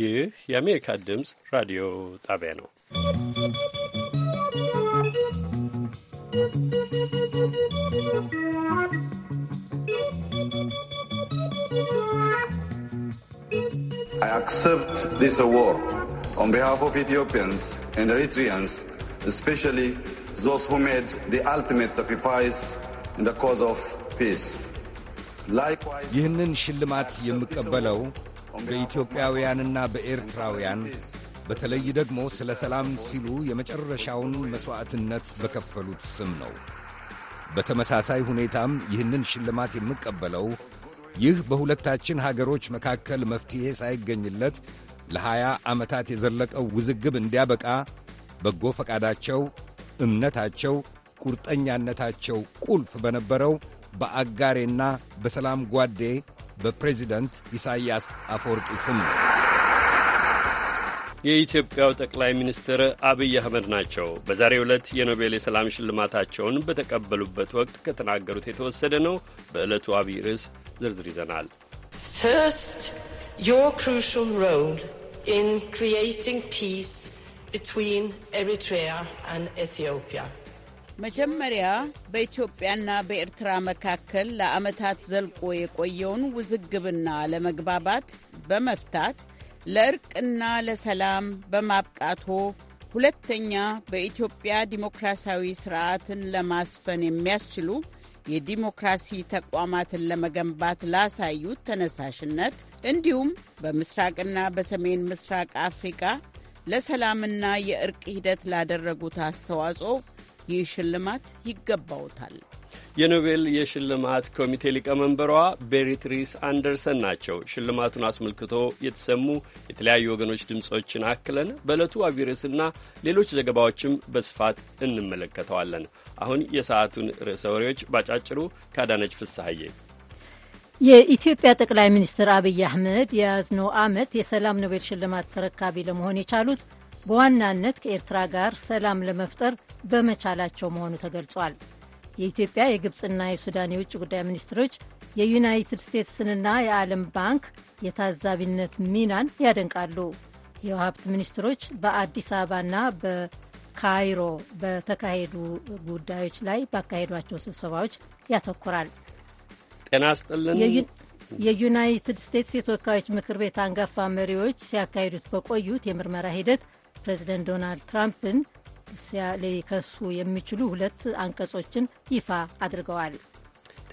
ይህ የአሜሪካ ድምፅ ራዲዮ ጣቢያ ነው። I accept this award on behalf of Ethiopians and Eritreans, especially those who made the ultimate sacrifice in the cause of peace. Likewise, በኢትዮጵያውያንና በኤርትራውያን በተለይ ደግሞ ስለ ሰላም ሲሉ የመጨረሻውን መሥዋዕትነት በከፈሉት ስም ነው። በተመሳሳይ ሁኔታም ይህንን ሽልማት የምቀበለው ይህ በሁለታችን ሀገሮች መካከል መፍትሔ ሳይገኝለት ለሀያ ዓመታት የዘለቀው ውዝግብ እንዲያበቃ በጎ ፈቃዳቸው፣ እምነታቸው፣ ቁርጠኛነታቸው ቁልፍ በነበረው በአጋሬና በሰላም ጓዴ በፕሬዚደንት ኢሳይያስ አፈወርቂ ስም የኢትዮጵያው ጠቅላይ ሚኒስትር አብይ አህመድ ናቸው። በዛሬ ዕለት የኖቤል የሰላም ሽልማታቸውን በተቀበሉበት ወቅት ከተናገሩት የተወሰደ ነው። በዕለቱ አብይ ርዕስ ዝርዝር ይዘናል። First, your crucial role in creating peace between Eritrea and Ethiopia. መጀመሪያ በኢትዮጵያና በኤርትራ መካከል ለዓመታት ዘልቆ የቆየውን ውዝግብና ለመግባባት በመፍታት ለእርቅና ለሰላም በማብቃቶ ሁለተኛ በኢትዮጵያ ዲሞክራሲያዊ ስርዓትን ለማስፈን የሚያስችሉ የዲሞክራሲ ተቋማትን ለመገንባት ላሳዩት ተነሳሽነት እንዲሁም በምስራቅና በሰሜን ምስራቅ አፍሪካ ለሰላምና የእርቅ ሂደት ላደረጉት አስተዋጽኦ ይህ ሽልማት ይገባውታል። የኖቤል የሽልማት ኮሚቴ ሊቀመንበሯ ቤሪትሪስ አንደርሰን ናቸው። ሽልማቱን አስመልክቶ የተሰሙ የተለያዩ ወገኖች ድምፆችን አክለን በዕለቱ አቢረስና ሌሎች ዘገባዎችም በስፋት እንመለከተዋለን። አሁን የሰዓቱን ርዕሰ ወሬዎች ባጫጭሩ ከአዳነች ፍስሐዬ። የኢትዮጵያ ጠቅላይ ሚኒስትር አብይ አህመድ የያዝነው ዓመት የሰላም ኖቤል ሽልማት ተረካቢ ለመሆን የቻሉት በዋናነት ከኤርትራ ጋር ሰላም ለመፍጠር በመቻላቸው መሆኑ ተገልጿል። የኢትዮጵያ የግብፅና የሱዳን የውጭ ጉዳይ ሚኒስትሮች የዩናይትድ ስቴትስንና የዓለም ባንክ የታዛቢነት ሚናን ያደንቃሉ። የውሃ ሀብት ሚኒስትሮች በአዲስ አበባና በካይሮ በተካሄዱ ጉዳዮች ላይ ባካሄዷቸው ስብሰባዎች ያተኩራል። ጤና ስጥልን። የዩናይትድ ስቴትስ የተወካዮች ምክር ቤት አንጋፋ መሪዎች ሲያካሂዱት በቆዩት የምርመራ ሂደት ፕሬዚደንት ዶናልድ ትራምፕን ሊከሱ የሚችሉ ሁለት አንቀጾችን ይፋ አድርገዋል።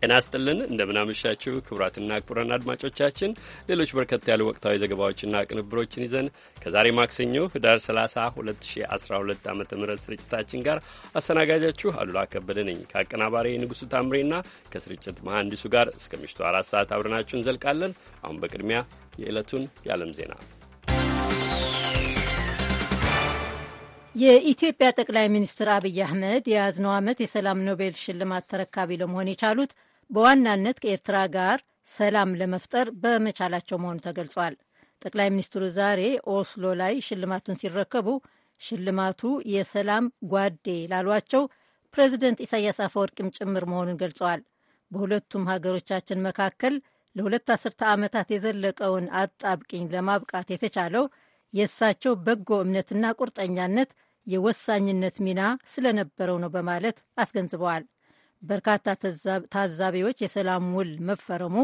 ጤና ስጥልን እንደምናመሻችው ክቡራትና ክቡራን አድማጮቻችን ሌሎች በርከት ያሉ ወቅታዊ ዘገባዎችና ቅንብሮችን ይዘን ከዛሬ ማክሰኞ ህዳር 30 2012 ዓ ም ስርጭታችን ጋር አስተናጋጃችሁ አሉላ ከበደ ነኝ ከአቀናባሪ ንጉሡ ታምሬና ከስርጭት መሐንዲሱ ጋር እስከ ምሽቱ አራት ሰዓት አብረናችሁ እንዘልቃለን። አሁን በቅድሚያ የዕለቱን የዓለም ዜና የኢትዮጵያ ጠቅላይ ሚኒስትር አብይ አህመድ የያዝነው ዓመት የሰላም ኖቤል ሽልማት ተረካቢ ለመሆን የቻሉት በዋናነት ከኤርትራ ጋር ሰላም ለመፍጠር በመቻላቸው መሆኑ ተገልጿል። ጠቅላይ ሚኒስትሩ ዛሬ ኦስሎ ላይ ሽልማቱን ሲረከቡ ሽልማቱ የሰላም ጓዴ ላሏቸው ፕሬዚደንት ኢሳያስ አፈወርቂም ጭምር መሆኑን ገልጸዋል። በሁለቱም ሀገሮቻችን መካከል ለሁለት አስርተ ዓመታት የዘለቀውን አጣብቂኝ ለማብቃት የተቻለው የእሳቸው በጎ እምነትና ቁርጠኛነት የወሳኝነት ሚና ስለነበረው ነው በማለት አስገንዝበዋል። በርካታ ታዛቢዎች የሰላም ውል መፈረሙ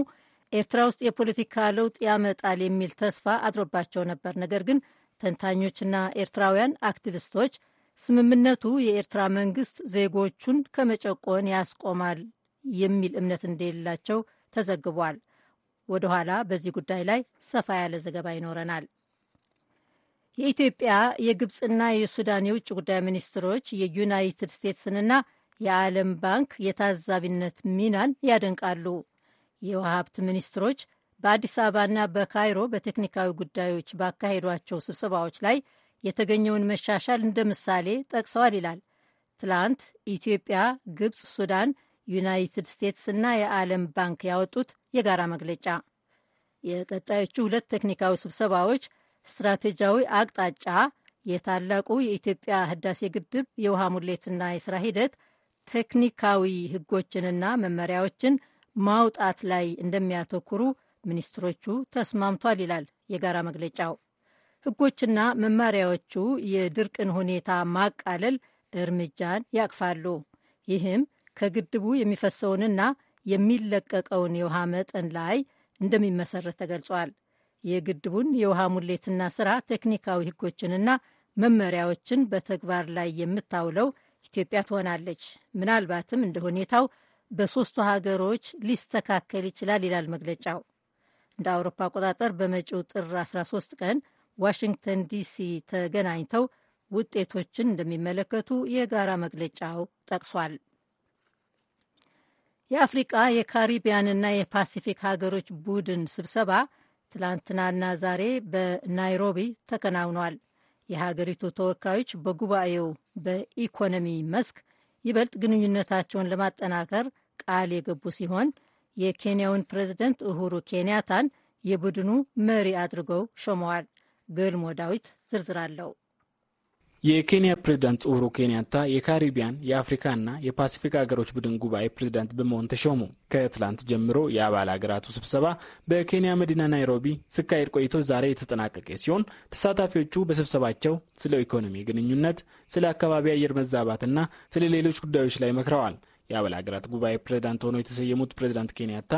ኤርትራ ውስጥ የፖለቲካ ለውጥ ያመጣል የሚል ተስፋ አድሮባቸው ነበር። ነገር ግን ተንታኞችና ኤርትራውያን አክቲቪስቶች ስምምነቱ የኤርትራ መንግስት ዜጎቹን ከመጨቆን ያስቆማል የሚል እምነት እንደሌላቸው ተዘግቧል። ወደኋላ በዚህ ጉዳይ ላይ ሰፋ ያለ ዘገባ ይኖረናል። የኢትዮጵያ የግብፅና የሱዳን የውጭ ጉዳይ ሚኒስትሮች የዩናይትድ ስቴትስንና የዓለም ባንክ የታዛቢነት ሚናን ያደንቃሉ። የውሃ ሀብት ሚኒስትሮች በአዲስ አበባና በካይሮ በቴክኒካዊ ጉዳዮች ባካሄዷቸው ስብሰባዎች ላይ የተገኘውን መሻሻል እንደ ምሳሌ ጠቅሰዋል ይላል። ትላንት ኢትዮጵያ፣ ግብፅ፣ ሱዳን፣ ዩናይትድ ስቴትስ ና የዓለም ባንክ ያወጡት የጋራ መግለጫ የቀጣዮቹ ሁለት ቴክኒካዊ ስብሰባዎች ስትራቴጂያዊ አቅጣጫ የታላቁ የኢትዮጵያ ህዳሴ ግድብ የውሃ ሙሌትና የስራ ሂደት ቴክኒካዊ ህጎችንና መመሪያዎችን ማውጣት ላይ እንደሚያተኩሩ ሚኒስትሮቹ ተስማምቷል ይላል የጋራ መግለጫው። ህጎችና መመሪያዎቹ የድርቅን ሁኔታ ማቃለል እርምጃን ያቅፋሉ። ይህም ከግድቡ የሚፈሰውንና የሚለቀቀውን የውሃ መጠን ላይ እንደሚመሰረት ተገልጿል። የግድቡን የውሃ ሙሌትና ስራ ቴክኒካዊ ህጎችንና መመሪያዎችን በተግባር ላይ የምታውለው ኢትዮጵያ ትሆናለች። ምናልባትም እንደ ሁኔታው በሶስቱ ሀገሮች ሊስተካከል ይችላል ይላል መግለጫው። እንደ አውሮፓ አቆጣጠር በመጪው ጥር 13 ቀን ዋሽንግተን ዲሲ ተገናኝተው ውጤቶችን እንደሚመለከቱ የጋራ መግለጫው ጠቅሷል። የአፍሪቃ የካሪቢያንና የፓሲፊክ ሀገሮች ቡድን ስብሰባ ትላንትናና ዛሬ በናይሮቢ ተከናውኗል። የሀገሪቱ ተወካዮች በጉባኤው በኢኮኖሚ መስክ ይበልጥ ግንኙነታቸውን ለማጠናከር ቃል የገቡ ሲሆን የኬንያውን ፕሬዝደንት እሁሩ ኬንያታን የቡድኑ መሪ አድርገው ሾመዋል። ገልሞ ዳዊት ዝርዝር አለው። የኬንያ ፕሬዝዳንት ኡሁሩ ኬንያታ የካሪቢያን የአፍሪካና የፓሲፊክ ሀገሮች ቡድን ጉባኤ ፕሬዝዳንት በመሆን ተሾሙ። ከትላንት ጀምሮ የአባል ሀገራቱ ስብሰባ በኬንያ መዲና ናይሮቢ ስካሄድ ቆይቶ ዛሬ የተጠናቀቀ ሲሆን ተሳታፊዎቹ በስብሰባቸው ስለ ኢኮኖሚ ግንኙነት፣ ስለ አካባቢ አየር መዛባትና ስለ ሌሎች ጉዳዮች ላይ መክረዋል። የአባል ሀገራት ጉባኤ ፕሬዚዳንት ሆነው የተሰየሙት ፕሬዚዳንት ኬንያታ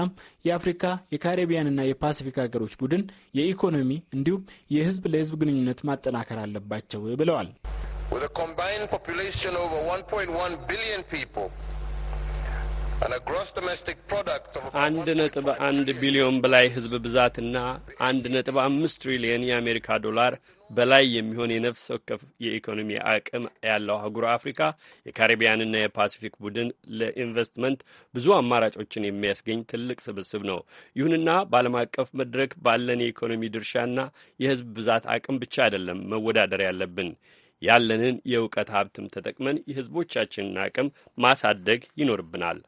የአፍሪካ የካሪቢያንና የፓሲፊክ ሀገሮች ቡድን የኢኮኖሚ እንዲሁም የህዝብ ለህዝብ ግንኙነት ማጠናከር አለባቸው ብለዋል። አንድ ነጥብ አንድ ቢሊዮን በላይ ህዝብ ብዛትና አንድ ነጥብ አምስት ትሪሊየን የአሜሪካ ዶላር በላይ የሚሆን የነፍስ ወከፍ የኢኮኖሚ አቅም ያለው አህጉር አፍሪካ የካሪቢያንና የፓሲፊክ ቡድን ለኢንቨስትመንት ብዙ አማራጮችን የሚያስገኝ ትልቅ ስብስብ ነው። ይሁንና በዓለም አቀፍ መድረክ ባለን የኢኮኖሚ ድርሻና የህዝብ ብዛት አቅም ብቻ አይደለም መወዳደር ያለብን ያለንን የእውቀት ሀብትም ተጠቅመን የህዝቦቻችንን አቅም ማሳደግ ይኖርብናል።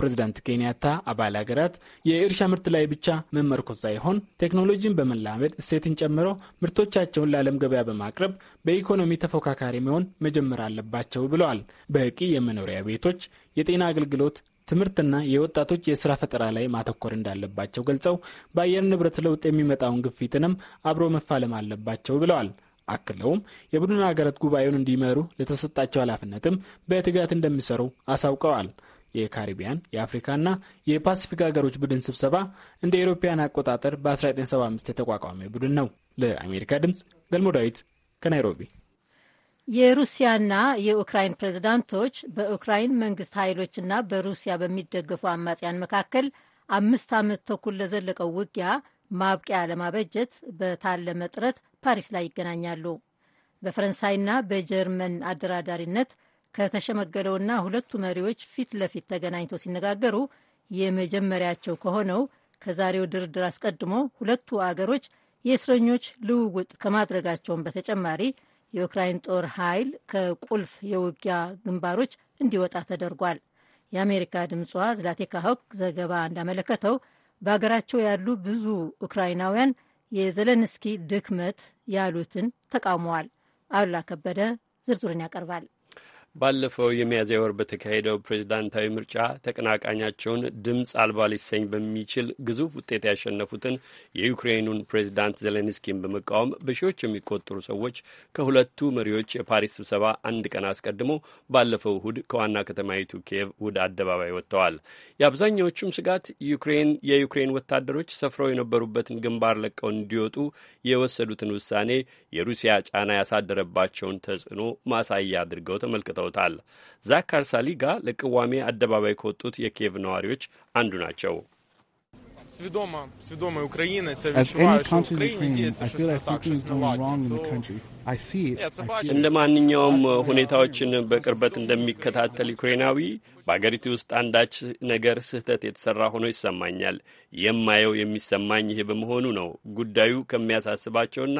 ፕሬዚዳንት ኬንያታ አባል ሀገራት የእርሻ ምርት ላይ ብቻ መመርኮዝ ሳይሆን ቴክኖሎጂን በመላመድ እሴትን ጨምሮ ምርቶቻቸውን ለዓለም ገበያ በማቅረብ በኢኮኖሚ ተፎካካሪ መሆን መጀመር አለባቸው ብለዋል። በቂ የመኖሪያ ቤቶች፣ የጤና አገልግሎት ትምህርትና የወጣቶች የስራ ፈጠራ ላይ ማተኮር እንዳለባቸው ገልጸው በአየር ንብረት ለውጥ የሚመጣውን ግፊትንም አብሮ መፋለም አለባቸው ብለዋል። አክለውም የቡድን ሀገራት ጉባኤውን እንዲመሩ ለተሰጣቸው ኃላፊነትም በትጋት እንደሚሰሩ አሳውቀዋል። የካሪቢያን የአፍሪካና የፓሲፊክ ሀገሮች ቡድን ስብሰባ እንደ አውሮፓውያን አቆጣጠር በ1975 የተቋቋመ ቡድን ነው። ለአሜሪካ ድምፅ ገልሞ ዳዊት ከናይሮቢ። የሩሲያና የኡክራይን ፕሬዝዳንቶች በኡክራይን መንግስት ኃይሎችና በሩሲያ በሚደገፉ አማጽያን መካከል አምስት ዓመት ተኩል ለዘለቀው ውጊያ ማብቂያ ለማበጀት በታለመ ጥረት ፓሪስ ላይ ይገናኛሉ። በፈረንሳይና በጀርመን አደራዳሪነት ከተሸመገለውና ሁለቱ መሪዎች ፊት ለፊት ተገናኝተው ሲነጋገሩ የመጀመሪያቸው ከሆነው ከዛሬው ድርድር አስቀድሞ ሁለቱ አገሮች የእስረኞች ልውውጥ ከማድረጋቸውን በተጨማሪ የዩክራይን ጦር ኃይል ከቁልፍ የውጊያ ግንባሮች እንዲወጣ ተደርጓል። የአሜሪካ ድምጿ ዝላቴካ ሆክ ዘገባ እንዳመለከተው በሀገራቸው ያሉ ብዙ ኡክራይናውያን የዘለንስኪ ድክመት ያሉትን ተቃውመዋል። አሉላ ከበደ ዝርዝሩን ያቀርባል። ባለፈው የሚያዝያ ወር በተካሄደው ፕሬዝዳንታዊ ምርጫ ተቀናቃኛቸውን ድምፅ አልባ ሊሰኝ በሚችል ግዙፍ ውጤት ያሸነፉትን የዩክሬኑን ፕሬዝዳንት ዜሌንስኪን በመቃወም በሺዎች የሚቆጠሩ ሰዎች ከሁለቱ መሪዎች የፓሪስ ስብሰባ አንድ ቀን አስቀድሞ ባለፈው እሁድ ከዋና ከተማይቱ ኪየቭ ውድ አደባባይ ወጥተዋል። የአብዛኛዎቹም ስጋት ዩክሬን የዩክሬን ወታደሮች ሰፍረው የነበሩበትን ግንባር ለቀው እንዲወጡ የወሰዱትን ውሳኔ የሩሲያ ጫና ያሳደረባቸውን ተጽዕኖ ማሳያ አድርገው ተመልክተው ገልጸውታል። ዛካር ሳሊጋ ለቅዋሜ አደባባይ ከወጡት የኪየቭ ነዋሪዎች አንዱ ናቸው። እንደ ማንኛውም ሁኔታዎችን በቅርበት እንደሚከታተል ዩክሬናዊ በአገሪቱ ውስጥ አንዳች ነገር ስህተት የተሰራ ሆኖ ይሰማኛል። የማየው የሚሰማኝ ይህ በመሆኑ ነው። ጉዳዩ ከሚያሳስባቸውና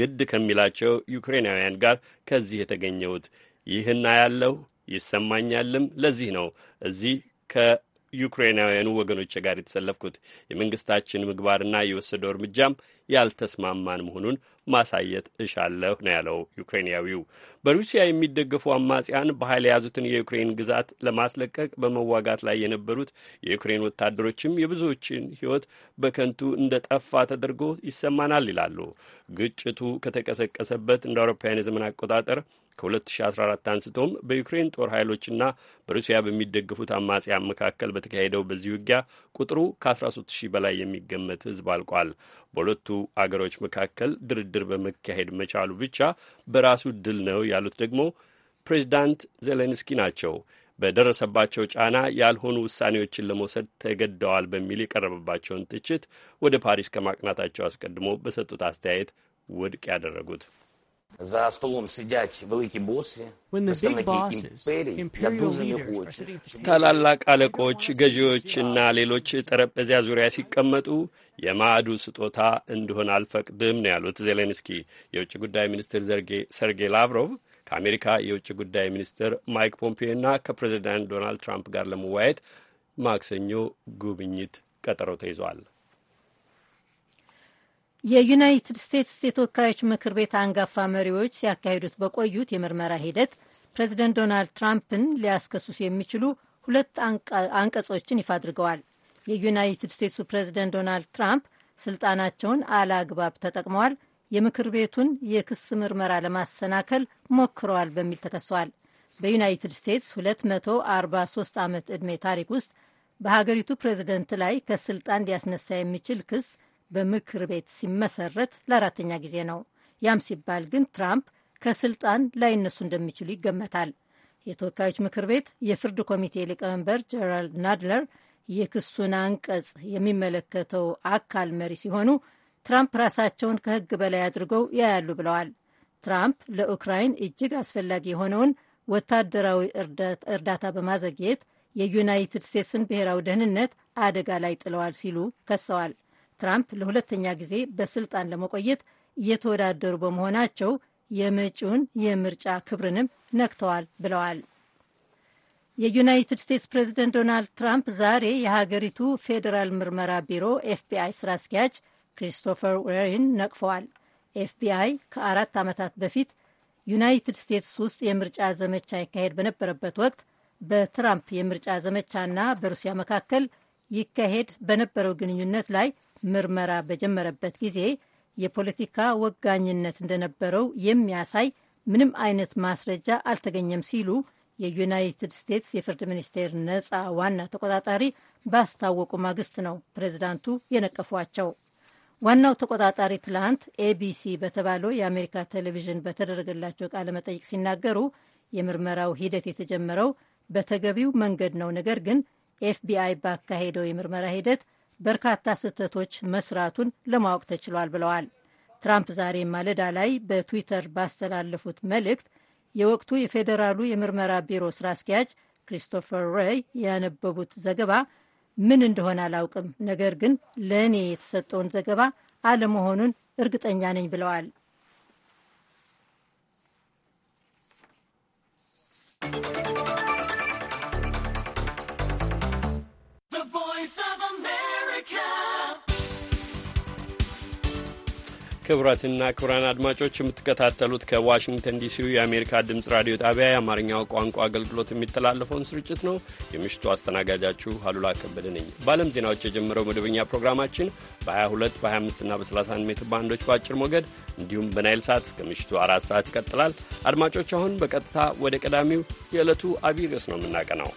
ግድ ከሚላቸው ዩክሬናውያን ጋር ከዚህ የተገኘሁት ይህና ያለው ይሰማኛልም። ለዚህ ነው እዚህ ከዩክሬናውያኑ ወገኖች ጋር የተሰለፍኩት። የመንግስታችን ምግባርና የወሰደው እርምጃም ያልተስማማን መሆኑን ማሳየት እሻለሁ ነው ያለው ዩክሬናዊው። በሩሲያ የሚደገፉ አማጽያን በኃይል የያዙትን የዩክሬን ግዛት ለማስለቀቅ በመዋጋት ላይ የነበሩት የዩክሬን ወታደሮችም የብዙዎችን ሕይወት በከንቱ እንደ ጠፋ ተደርጎ ይሰማናል ይላሉ። ግጭቱ ከተቀሰቀሰበት እንደ አውሮፓውያን የዘመን አቆጣጠር ከ2014 አንስቶም በዩክሬን ጦር ኃይሎችና በሩሲያ በሚደግፉት አማጽያ መካከል በተካሄደው በዚህ ውጊያ ቁጥሩ ከ 130 በላይ የሚገመት ሕዝብ አልቋል። በሁለቱ አገሮች መካከል ድርድር በመካሄድ መቻሉ ብቻ በራሱ ድል ነው ያሉት ደግሞ ፕሬዚዳንት ዜሌንስኪ ናቸው። በደረሰባቸው ጫና ያልሆኑ ውሳኔዎችን ለመውሰድ ተገደዋል በሚል የቀረበባቸውን ትችት ወደ ፓሪስ ከማቅናታቸው አስቀድሞ በሰጡት አስተያየት ውድቅ ያደረጉት За столом сидять великі боси, представники імперії. Я дуже не хочу ታላላቅ አለቆች፣ ገዢዎችና ሌሎች ጠረጴዛ ዙሪያ ሲቀመጡ የማዕዱ ስጦታ እንዲሆን አልፈቅድም ነው ያሉት ዜሌንስኪ። የውጭ ጉዳይ ሚኒስትር ሰርጌይ ላቭሮቭ ከአሜሪካ የውጭ ጉዳይ ሚኒስትር ማይክ ፖምፔዮና ከፕሬዚዳንት ዶናልድ ትራምፕ ጋር ለመወያየት ማክሰኞ ጉብኝት ቀጠሮ ተይዟል። የዩናይትድ ስቴትስ የተወካዮች ምክር ቤት አንጋፋ መሪዎች ሲያካሂዱት በቆዩት የምርመራ ሂደት ፕሬዚደንት ዶናልድ ትራምፕን ሊያስከስሱ የሚችሉ ሁለት አንቀጾችን ይፋ አድርገዋል። የዩናይትድ ስቴትሱ ፕሬዚደንት ዶናልድ ትራምፕ ስልጣናቸውን አላግባብ ተጠቅመዋል፣ የምክር ቤቱን የክስ ምርመራ ለማሰናከል ሞክረዋል በሚል ተከሰዋል። በዩናይትድ ስቴትስ 243 ዓመት ዕድሜ ታሪክ ውስጥ በሀገሪቱ ፕሬዚደንት ላይ ከስልጣን ሊያስነሳ የሚችል ክስ በምክር ቤት ሲመሰረት ለአራተኛ ጊዜ ነው። ያም ሲባል ግን ትራምፕ ከስልጣን ላይነሱ እንደሚችሉ ይገመታል። የተወካዮች ምክር ቤት የፍርድ ኮሚቴ ሊቀመንበር ጀራልድ ናድለር የክሱን አንቀጽ የሚመለከተው አካል መሪ ሲሆኑ ትራምፕ ራሳቸውን ከሕግ በላይ አድርገው ያያሉ ብለዋል። ትራምፕ ለኡክራይን እጅግ አስፈላጊ የሆነውን ወታደራዊ እርዳታ በማዘግየት የዩናይትድ ስቴትስን ብሔራዊ ደህንነት አደጋ ላይ ጥለዋል ሲሉ ከሰዋል። ትራምፕ ለሁለተኛ ጊዜ በስልጣን ለመቆየት እየተወዳደሩ በመሆናቸው የመጪውን የምርጫ ክብርንም ነክተዋል ብለዋል። የዩናይትድ ስቴትስ ፕሬዚደንት ዶናልድ ትራምፕ ዛሬ የሀገሪቱ ፌዴራል ምርመራ ቢሮ ኤፍቢአይ ስራ አስኪያጅ ክሪስቶፈር ዌሪን ነቅፈዋል። ኤፍቢአይ ከአራት ዓመታት በፊት ዩናይትድ ስቴትስ ውስጥ የምርጫ ዘመቻ ይካሄድ በነበረበት ወቅት በትራምፕ የምርጫ ዘመቻና በሩሲያ መካከል ይካሄድ በነበረው ግንኙነት ላይ ምርመራ በጀመረበት ጊዜ የፖለቲካ ወጋኝነት እንደነበረው የሚያሳይ ምንም አይነት ማስረጃ አልተገኘም ሲሉ የዩናይትድ ስቴትስ የፍርድ ሚኒስቴር ነፃ ዋና ተቆጣጣሪ ባስታወቁ ማግስት ነው ፕሬዚዳንቱ የነቀፏቸው። ዋናው ተቆጣጣሪ ትላንት ኤቢሲ በተባለው የአሜሪካ ቴሌቪዥን በተደረገላቸው ቃለ መጠይቅ ሲናገሩ የምርመራው ሂደት የተጀመረው በተገቢው መንገድ ነው፣ ነገር ግን ኤፍቢአይ ባካሄደው የምርመራ ሂደት በርካታ ስህተቶች መስራቱን ለማወቅ ተችሏል ብለዋል። ትራምፕ ዛሬ ማለዳ ላይ በትዊተር ባስተላለፉት መልእክት የወቅቱ የፌዴራሉ የምርመራ ቢሮ ስራ አስኪያጅ ክሪስቶፈር ሬይ ያነበቡት ዘገባ ምን እንደሆነ አላውቅም፣ ነገር ግን ለእኔ የተሰጠውን ዘገባ አለመሆኑን እርግጠኛ ነኝ ብለዋል። you ክቡራትና ክቡራን አድማጮች የምትከታተሉት ከዋሽንግተን ዲሲ የአሜሪካ ድምፅ ራዲዮ ጣቢያ የአማርኛው ቋንቋ አገልግሎት የሚተላለፈውን ስርጭት ነው። የምሽቱ አስተናጋጃችሁ አሉላ ከበደ ነኝ። በዓለም ዜናዎች የጀመረው መደበኛ ፕሮግራማችን በ22 በ25ና በ31 ሜትር ባንዶች በአጭር ሞገድ እንዲሁም በናይል ሰዓት እስከ ምሽቱ አራት ሰዓት ይቀጥላል። አድማጮች አሁን በቀጥታ ወደ ቀዳሚው የዕለቱ አብይ ርዕስ ነው የምናቀናው።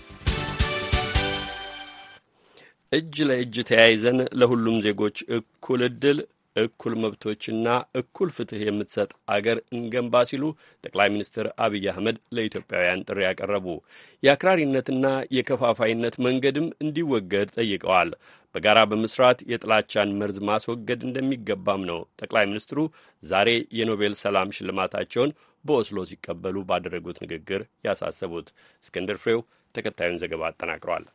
እጅ ለእጅ ተያይዘን ለሁሉም ዜጎች እኩል እድል እኩል መብቶችና እኩል ፍትህ የምትሰጥ አገር እንገንባ ሲሉ ጠቅላይ ሚኒስትር አብይ አህመድ ለኢትዮጵያውያን ጥሪ ያቀረቡ የአክራሪነትና የከፋፋይነት መንገድም እንዲወገድ ጠይቀዋል። በጋራ በመስራት የጥላቻን መርዝ ማስወገድ እንደሚገባም ነው ጠቅላይ ሚኒስትሩ ዛሬ የኖቤል ሰላም ሽልማታቸውን በኦስሎ ሲቀበሉ ባደረጉት ንግግር ያሳሰቡት። እስክንድር ፍሬው ተከታዩን ዘገባ አጠናቅሯል።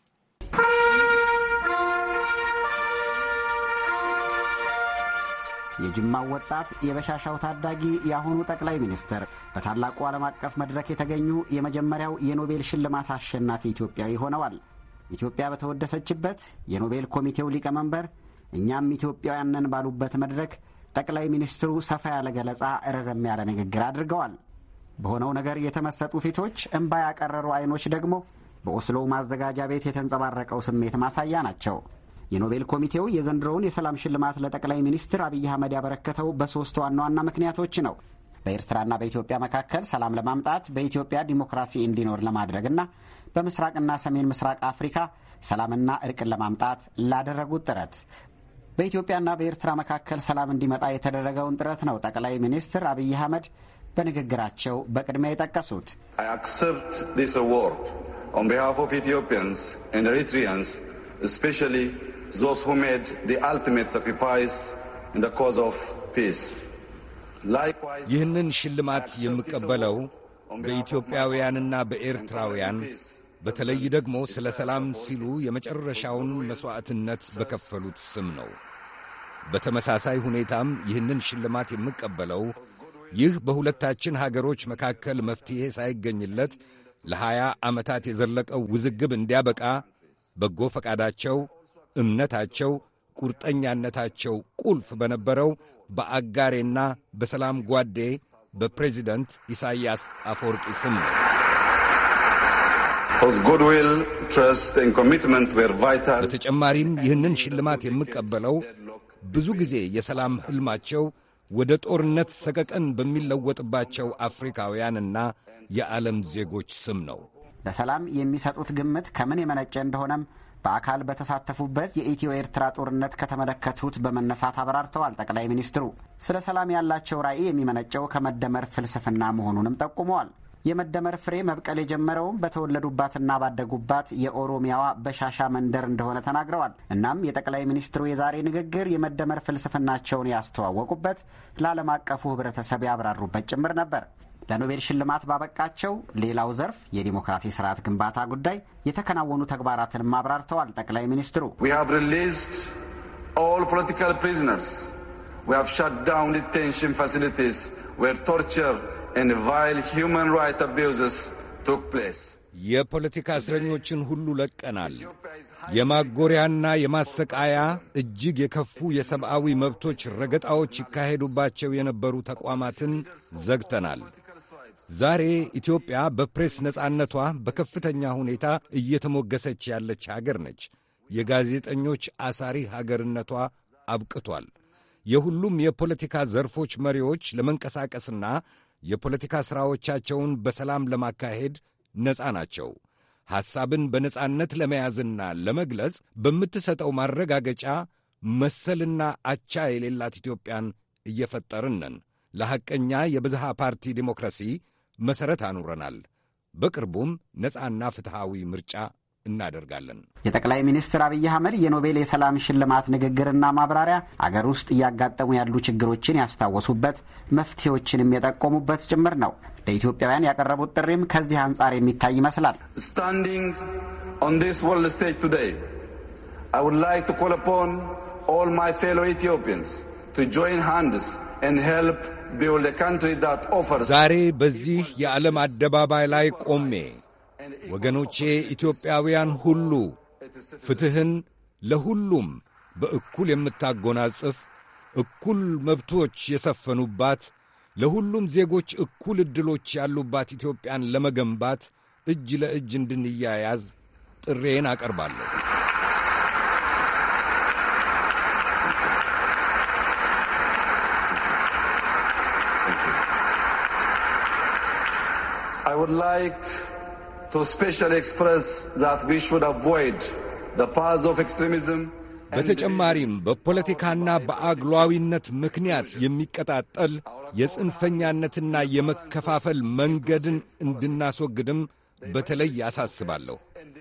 የጅማው ወጣት፣ የበሻሻው ታዳጊ፣ የአሁኑ ጠቅላይ ሚኒስትር፣ በታላቁ ዓለም አቀፍ መድረክ የተገኙ የመጀመሪያው የኖቤል ሽልማት አሸናፊ ኢትዮጵያዊ ሆነዋል። ኢትዮጵያ በተወደሰችበት የኖቤል ኮሚቴው ሊቀመንበር እኛም ኢትዮጵያውያን ነን ባሉበት መድረክ ጠቅላይ ሚኒስትሩ ሰፋ ያለ ገለጻ፣ ረዘም ያለ ንግግር አድርገዋል። በሆነው ነገር የተመሰጡ ፊቶች፣ እንባ ያቀረሩ አይኖች ደግሞ በኦስሎ ማዘጋጃ ቤት የተንጸባረቀው ስሜት ማሳያ ናቸው። የኖቤል ኮሚቴው የዘንድሮውን የሰላም ሽልማት ለጠቅላይ ሚኒስትር አብይ አህመድ ያበረከተው በሶስት ዋና ዋና ምክንያቶች ነው። በኤርትራና በኢትዮጵያ መካከል ሰላም ለማምጣት በኢትዮጵያ ዲሞክራሲ እንዲኖር ለማድረግና በምስራቅና ሰሜን ምስራቅ አፍሪካ ሰላምና እርቅን ለማምጣት ላደረጉት ጥረት በኢትዮጵያና በኤርትራ መካከል ሰላም እንዲመጣ የተደረገውን ጥረት ነው ጠቅላይ ሚኒስትር አብይ አህመድ በንግግራቸው በቅድሚያ የጠቀሱት። I accept this award on behalf those who made the ultimate sacrifice in the cause of peace. ይህንን ሽልማት የምቀበለው በኢትዮጵያውያንና በኤርትራውያን በተለይ ደግሞ ስለ ሰላም ሲሉ የመጨረሻውን መሥዋዕትነት በከፈሉት ስም ነው። በተመሳሳይ ሁኔታም ይህንን ሽልማት የምቀበለው ይህ በሁለታችን ሀገሮች መካከል መፍትሔ ሳይገኝለት ለሀያ ዓመታት የዘለቀው ውዝግብ እንዲያበቃ በጎ ፈቃዳቸው እምነታቸው፣ ቁርጠኛነታቸው ቁልፍ በነበረው በአጋሬና በሰላም ጓዴ በፕሬዚደንት ኢሳይያስ አፈወርቂ ስም ነው። በተጨማሪም ይህንን ሽልማት የምቀበለው ብዙ ጊዜ የሰላም ሕልማቸው ወደ ጦርነት ሰቀቀን በሚለወጥባቸው አፍሪካውያንና የዓለም ዜጎች ስም ነው። ለሰላም የሚሰጡት ግምት ከምን የመነጨ እንደሆነም በአካል በተሳተፉበት የኢትዮ ኤርትራ ጦርነት ከተመለከቱት በመነሳት አብራርተዋል። ጠቅላይ ሚኒስትሩ ስለ ሰላም ያላቸው ራዕይ የሚመነጨው ከመደመር ፍልስፍና መሆኑንም ጠቁመዋል። የመደመር ፍሬ መብቀል የጀመረውም በተወለዱባትና ባደጉባት የኦሮሚያዋ በሻሻ መንደር እንደሆነ ተናግረዋል። እናም የጠቅላይ ሚኒስትሩ የዛሬ ንግግር የመደመር ፍልስፍናቸውን ያስተዋወቁበት፣ ለዓለም አቀፉ ሕብረተሰብ ያብራሩበት ጭምር ነበር። ለኖቤል ሽልማት ባበቃቸው ሌላው ዘርፍ የዲሞክራሲ ስርዓት ግንባታ ጉዳይ የተከናወኑ ተግባራትን አብራርተዋል ጠቅላይ ሚኒስትሩ። የፖለቲካ እስረኞችን ሁሉ ለቀናል። የማጎሪያና የማሰቃያ እጅግ የከፉ የሰብአዊ መብቶች ረገጣዎች ይካሄዱባቸው የነበሩ ተቋማትን ዘግተናል። ዛሬ ኢትዮጵያ በፕሬስ ነጻነቷ በከፍተኛ ሁኔታ እየተሞገሰች ያለች ሀገር ነች። የጋዜጠኞች አሳሪ ሀገርነቷ አብቅቷል። የሁሉም የፖለቲካ ዘርፎች መሪዎች ለመንቀሳቀስና የፖለቲካ ሥራዎቻቸውን በሰላም ለማካሄድ ነፃ ናቸው። ሐሳብን በነጻነት ለመያዝና ለመግለጽ በምትሰጠው ማረጋገጫ መሰልና አቻ የሌላት ኢትዮጵያን እየፈጠርን ነን። ለሐቀኛ የብዝሃ ፓርቲ ዲሞክራሲ መሠረት አኑረናል። በቅርቡም ነፃና ፍትሐዊ ምርጫ እናደርጋለን። የጠቅላይ ሚኒስትር አብይ አህመድ የኖቤል የሰላም ሽልማት ንግግርና ማብራሪያ አገር ውስጥ እያጋጠሙ ያሉ ችግሮችን ያስታወሱበት መፍትሄዎችንም የጠቆሙበት ጭምር ነው። ለኢትዮጵያውያን ያቀረቡት ጥሪም ከዚህ አንጻር የሚታይ ይመስላል። ስታንዲንግ ኦን ወርልድ ስቴጅ ቱዴይ አይ ውድ ላይክ ቱ ኮል አፖን ኦል ማይ ፌሎ ኢትዮጵያንስ ቱ ጆይን ሃንድስ ኤንድ ሄልፕ ዛሬ በዚህ የዓለም አደባባይ ላይ ቆሜ ወገኖቼ ኢትዮጵያውያን ሁሉ ፍትሕን ለሁሉም በእኩል የምታጎናጽፍ እኩል መብቶች የሰፈኑባት ለሁሉም ዜጎች እኩል ዕድሎች ያሉባት ኢትዮጵያን ለመገንባት እጅ ለእጅ እንድንያያዝ ጥሬን አቀርባለሁ። would like to specially express that we should avoid the paths of extremism በተጨማሪም በፖለቲካና በአግሏዊነት ምክንያት የሚቀጣጠል የጽንፈኛነትና የመከፋፈል መንገድን እንድናስወግድም በተለይ ያሳስባለሁ።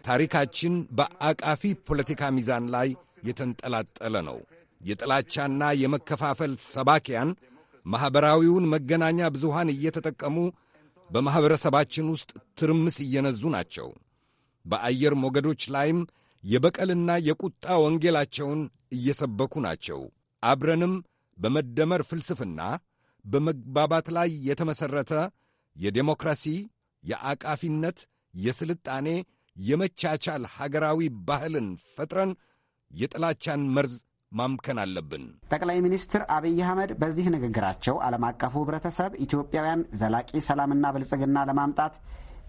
ታሪካችን በአቃፊ ፖለቲካ ሚዛን ላይ የተንጠላጠለ ነው። የጥላቻና የመከፋፈል ሰባኪያን ማኅበራዊውን መገናኛ ብዙሃን እየተጠቀሙ በማኅበረሰባችን ውስጥ ትርምስ እየነዙ ናቸው። በአየር ሞገዶች ላይም የበቀልና የቁጣ ወንጌላቸውን እየሰበኩ ናቸው። አብረንም በመደመር ፍልስፍና በመግባባት ላይ የተመሠረተ የዴሞክራሲ፣ የአቃፊነት፣ የስልጣኔ፣ የመቻቻል ሀገራዊ ባህልን ፈጥረን የጥላቻን መርዝ ማምከን አለብን። ጠቅላይ ሚኒስትር አብይ አህመድ በዚህ ንግግራቸው ዓለም አቀፉ ህብረተሰብ ኢትዮጵያውያን ዘላቂ ሰላምና ብልጽግና ለማምጣት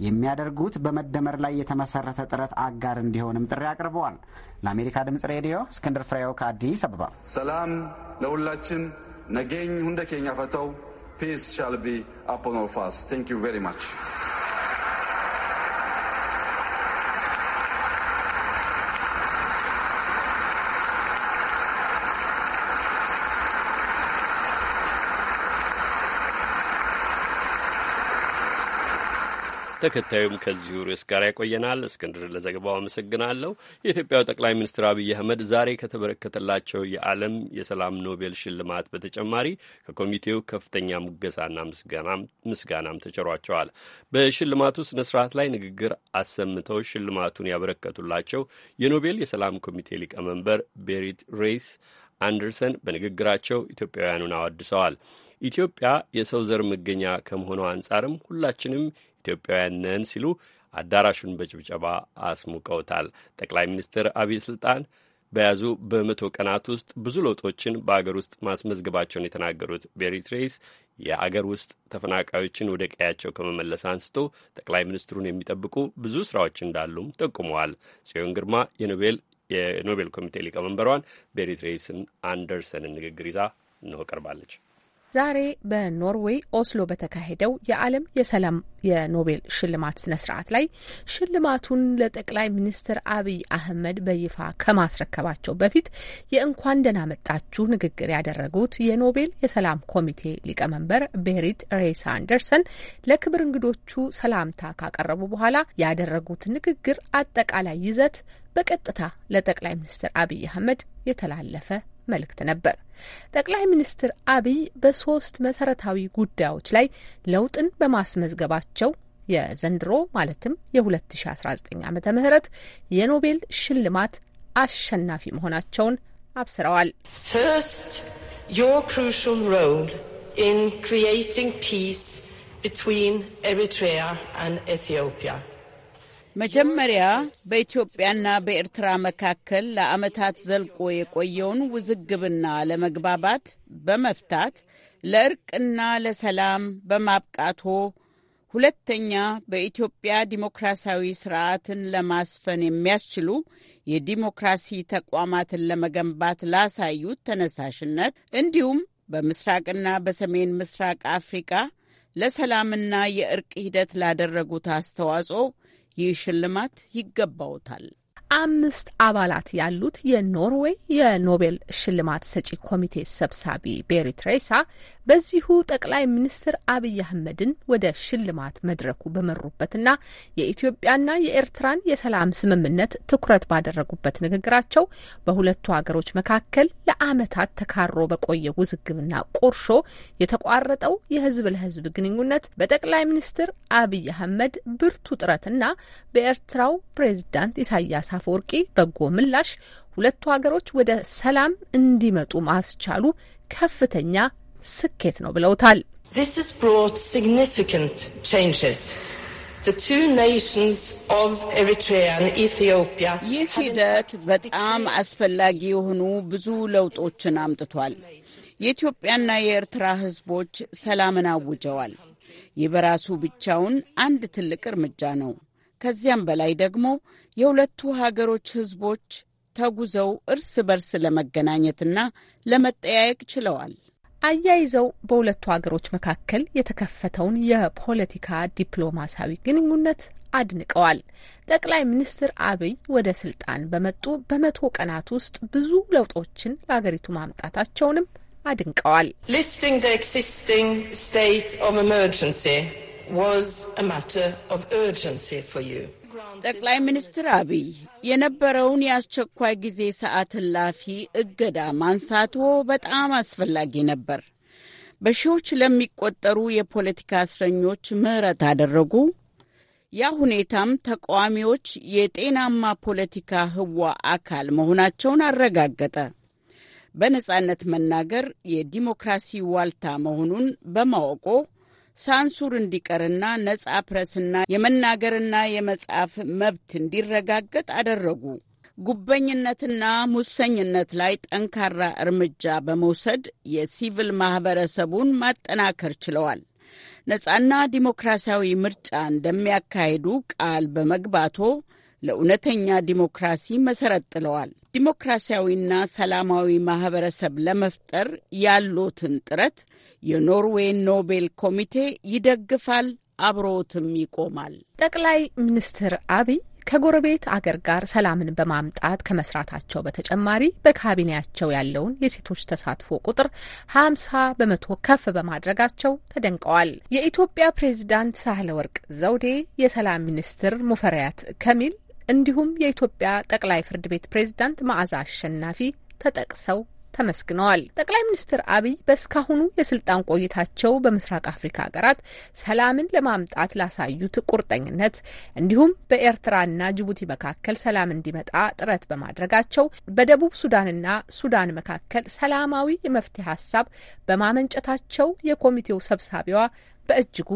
የሚያደርጉት በመደመር ላይ የተመሰረተ ጥረት አጋር እንዲሆንም ጥሪ አቅርበዋል። ለአሜሪካ ድምፅ ሬዲዮ እስክንድር ፍሬው ከአዲስ አበባ። ሰላም ለሁላችን ነገኝ ሁንደ ኬኛ ፈተው ፒስ ሻልቢ አፖኖልፋስ ቴንክ ዩ ማች ተከታዩም ከዚሁ ርዕስ ጋር ያቆየናል። እስክንድር ለዘገባው አመሰግናለሁ። የኢትዮጵያው ጠቅላይ ሚኒስትር አብይ አህመድ ዛሬ ከተበረከተላቸው የዓለም የሰላም ኖቤል ሽልማት በተጨማሪ ከኮሚቴው ከፍተኛ ሙገሳና ምስጋናም ተቸሯቸዋል። በሽልማቱ ስነ ስርዓት ላይ ንግግር አሰምተው ሽልማቱን ያበረከቱላቸው የኖቤል የሰላም ኮሚቴ ሊቀመንበር ቤሪት ሬይስ አንደርሰን በንግግራቸው ኢትዮጵያውያኑን አዋድሰዋል። ኢትዮጵያ የሰው ዘር መገኛ ከመሆኑ አንጻርም ሁላችንም ኢትዮጵያውያን ነን ሲሉ አዳራሹን በጭብጨባ አስሙቀውታል። ጠቅላይ ሚኒስትር አብይ ስልጣን በያዙ በመቶ ቀናት ውስጥ ብዙ ለውጦችን በአገር ውስጥ ማስመዝገባቸውን የተናገሩት ቤሪትሬስ የአገር ውስጥ ተፈናቃዮችን ወደ ቀያቸው ከመመለስ አንስቶ ጠቅላይ ሚኒስትሩን የሚጠብቁ ብዙ ስራዎች እንዳሉም ጠቁመዋል። ጽዮን ግርማ የኖቤል የኖቤል ኮሚቴ ሊቀመንበሯን ቤሪትሬስን አንደርሰንን ንግግር ይዛ እንሆ ቀርባለች። ዛሬ በኖርዌይ ኦስሎ በተካሄደው የዓለም የሰላም የኖቤል ሽልማት ስነ ስርዓት ላይ ሽልማቱን ለጠቅላይ ሚኒስትር አብይ አህመድ በይፋ ከማስረከባቸው በፊት የእንኳን ደህና መጣችሁ ንግግር ያደረጉት የኖቤል የሰላም ኮሚቴ ሊቀመንበር ቤሪት ሬይስ አንደርሰን ለክብር እንግዶቹ ሰላምታ ካቀረቡ በኋላ ያደረጉት ንግግር አጠቃላይ ይዘት በቀጥታ ለጠቅላይ ሚኒስትር አብይ አህመድ የተላለፈ መልእክት ነበር። ጠቅላይ ሚኒስትር አብይ በሶስት መሰረታዊ ጉዳዮች ላይ ለውጥን በማስመዝገባቸው የዘንድሮ ማለትም የ2019 ዓ ም የኖቤል ሽልማት አሸናፊ መሆናቸውን አብስረዋል። First, your crucial ሮል ኢን creating ፒስ between Eritrea and Ethiopia. መጀመሪያ በኢትዮጵያና በኤርትራ መካከል ለዓመታት ዘልቆ የቆየውን ውዝግብና ለመግባባት በመፍታት ለእርቅና ለሰላም በማብቃቶ ሁለተኛ በኢትዮጵያ ዲሞክራሲያዊ ስርዓትን ለማስፈን የሚያስችሉ የዲሞክራሲ ተቋማትን ለመገንባት ላሳዩት ተነሳሽነት እንዲሁም በምስራቅና በሰሜን ምስራቅ አፍሪካ ለሰላምና የእርቅ ሂደት ላደረጉት አስተዋጽኦ ይህ ሽልማት ይገባውታል አምስት አባላት ያሉት የኖርዌይ የኖቤል ሽልማት ሰጪ ኮሚቴ ሰብሳቢ ቤሪት ሬሳ በዚሁ ጠቅላይ ሚኒስትር አብይ አህመድን ወደ ሽልማት መድረኩ በመሩበትና የኢትዮጵያና የኤርትራን የሰላም ስምምነት ትኩረት ባደረጉበት ንግግራቸው በሁለቱ ሀገሮች መካከል ለዓመታት ተካሮ በቆየ ውዝግብና ቁርሾ የተቋረጠው የህዝብ ለህዝብ ግንኙነት በጠቅላይ ሚኒስትር አብይ አህመድ ብርቱ ጥረትና በኤርትራው ፕሬዚዳንት ኢሳያስ አፈወርቂ በጎ ምላሽ ሁለቱ ሀገሮች ወደ ሰላም እንዲመጡ ማስቻሉ ከፍተኛ ስኬት ነው ብለውታል። ይህ ሂደት በጣም አስፈላጊ የሆኑ ብዙ ለውጦችን አምጥቷል። የኢትዮጵያና የኤርትራ ሕዝቦች ሰላምን አውጀዋል። ይህ በራሱ ብቻውን አንድ ትልቅ እርምጃ ነው። ከዚያም በላይ ደግሞ የሁለቱ ሀገሮች ህዝቦች ተጉዘው እርስ በርስ ለመገናኘትና ለመጠያየቅ ችለዋል። አያይዘው በሁለቱ ሀገሮች መካከል የተከፈተውን የፖለቲካ ዲፕሎማሲያዊ ግንኙነት አድንቀዋል። ጠቅላይ ሚኒስትር አብይ ወደ ስልጣን በመጡ በመቶ ቀናት ውስጥ ብዙ ለውጦችን ለሀገሪቱ ማምጣታቸውንም አድንቀዋል። ጠቅላይ ሚኒስትር አብይ የነበረውን የአስቸኳይ ጊዜ ሰዓት እላፊ እገዳ ማንሳቶ በጣም አስፈላጊ ነበር። በሺዎች ለሚቆጠሩ የፖለቲካ እስረኞች ምህረት አደረጉ። ያ ሁኔታም ተቃዋሚዎች የጤናማ ፖለቲካ ህዋ አካል መሆናቸውን አረጋገጠ። በነጻነት መናገር የዲሞክራሲ ዋልታ መሆኑን በማወቆ ሳንሱር እንዲቀርና ነጻ ፕረስና የመናገርና የመጻፍ መብት እንዲረጋገጥ አደረጉ። ጉበኝነትና ሙሰኝነት ላይ ጠንካራ እርምጃ በመውሰድ የሲቪል ማህበረሰቡን ማጠናከር ችለዋል። ነጻና ዲሞክራሲያዊ ምርጫ እንደሚያካሂዱ ቃል በመግባቶ ለእውነተኛ ዲሞክራሲ መሠረት ጥለዋል። ዲሞክራሲያዊና ሰላማዊ ማህበረሰብ ለመፍጠር ያሉትን ጥረት የኖርዌይ ኖቤል ኮሚቴ ይደግፋል፣ አብሮትም ይቆማል። ጠቅላይ ሚኒስትር አብይ ከጎረቤት አገር ጋር ሰላምን በማምጣት ከመስራታቸው በተጨማሪ በካቢኔያቸው ያለውን የሴቶች ተሳትፎ ቁጥር ሀምሳ በመቶ ከፍ በማድረጋቸው ተደንቀዋል። የኢትዮጵያ ፕሬዝዳንት ሳህለ ወርቅ ዘውዴ፣ የሰላም ሚኒስትር ሙፈሪያት ከሚል እንዲሁም የኢትዮጵያ ጠቅላይ ፍርድ ቤት ፕሬዝዳንት መዓዛ አሸናፊ ተጠቅሰው ተመስግነዋል። ጠቅላይ ሚኒስትር አብይ በእስካሁኑ የስልጣን ቆይታቸው በምስራቅ አፍሪካ ሀገራት ሰላምን ለማምጣት ላሳዩት ቁርጠኝነት እንዲሁም በኤርትራና ጅቡቲ መካከል ሰላም እንዲመጣ ጥረት በማድረጋቸው በደቡብ ሱዳንና ሱዳን መካከል ሰላማዊ የመፍትሄ ሀሳብ በማመንጨታቸው የኮሚቴው ሰብሳቢዋ በእጅጉ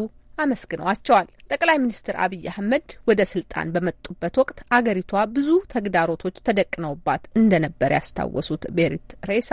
አመስግነዋቸዋል። ጠቅላይ ሚኒስትር አብይ አህመድ ወደ ስልጣን በመጡበት ወቅት አገሪቷ ብዙ ተግዳሮቶች ተደቅነውባት እንደነበር ያስታወሱት ቤሪት ሬሳ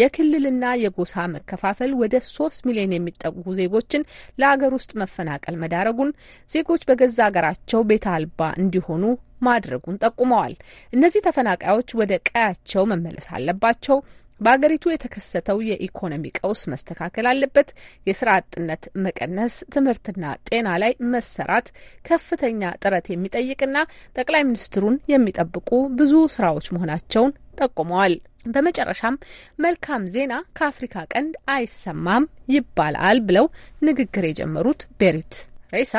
የክልልና የጎሳ መከፋፈል ወደ ሶስት ሚሊዮን የሚጠጉ ዜጎችን ለአገር ውስጥ መፈናቀል መዳረጉን፣ ዜጎች በገዛ አገራቸው ቤት አልባ እንዲሆኑ ማድረጉን ጠቁመዋል። እነዚህ ተፈናቃዮች ወደ ቀያቸው መመለስ አለባቸው በአገሪቱ የተከሰተው የኢኮኖሚ ቀውስ መስተካከል አለበት። የስራ አጥነት መቀነስ፣ ትምህርትና ጤና ላይ መሰራት ከፍተኛ ጥረት የሚጠይቅና ጠቅላይ ሚኒስትሩን የሚጠብቁ ብዙ ስራዎች መሆናቸውን ጠቁመዋል። በመጨረሻም መልካም ዜና ከአፍሪካ ቀንድ አይሰማም ይባላል ብለው ንግግር የጀመሩት ቤሪት ሬሳ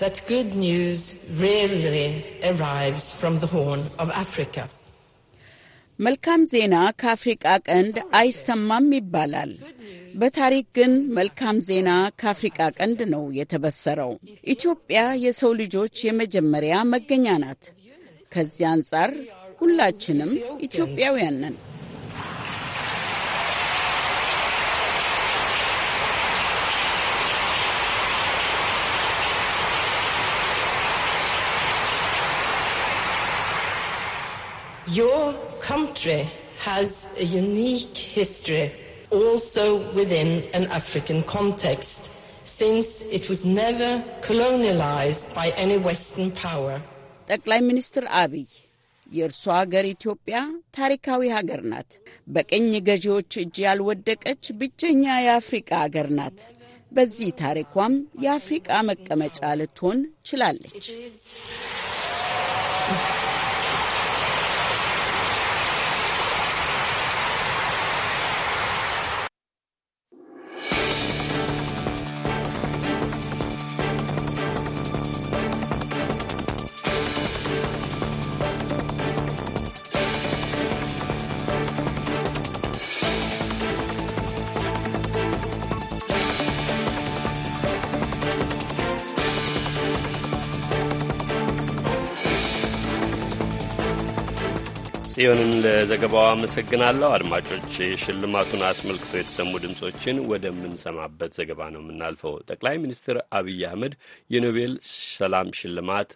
that good news rarely arrives from the Horn of Africa. መልካም ዜና ከአፍሪቃ ቀንድ አይሰማም ይባላል። በታሪክ ግን መልካም ዜና ከአፍሪቃ ቀንድ ነው የተበሰረው። ኢትዮጵያ የሰው ልጆች የመጀመሪያ መገኛ ናት። ከዚህ አንጻር ሁላችንም ኢትዮጵያውያን ነን። You're country has a unique history also within an African context since it was never colonialized by any Western power. ጠቅላይ ሚኒስትር አብይ የእርሷ ሀገር ኢትዮጵያ ታሪካዊ ሀገር ናት። በቅኝ ገዢዎች እጅ ያልወደቀች ብቸኛ የአፍሪቃ ሀገር ናት። በዚህ ታሪኳም የአፍሪቃ መቀመጫ ልትሆን ችላለች። ጽዮንን ለዘገባው አመሰግናለሁ። አድማጮች ሽልማቱን አስመልክቶ የተሰሙ ድምጾችን ወደምንሰማበት ዘገባ ነው የምናልፈው። ጠቅላይ ሚኒስትር አብይ አህመድ የኖቤል ሰላም ሽልማት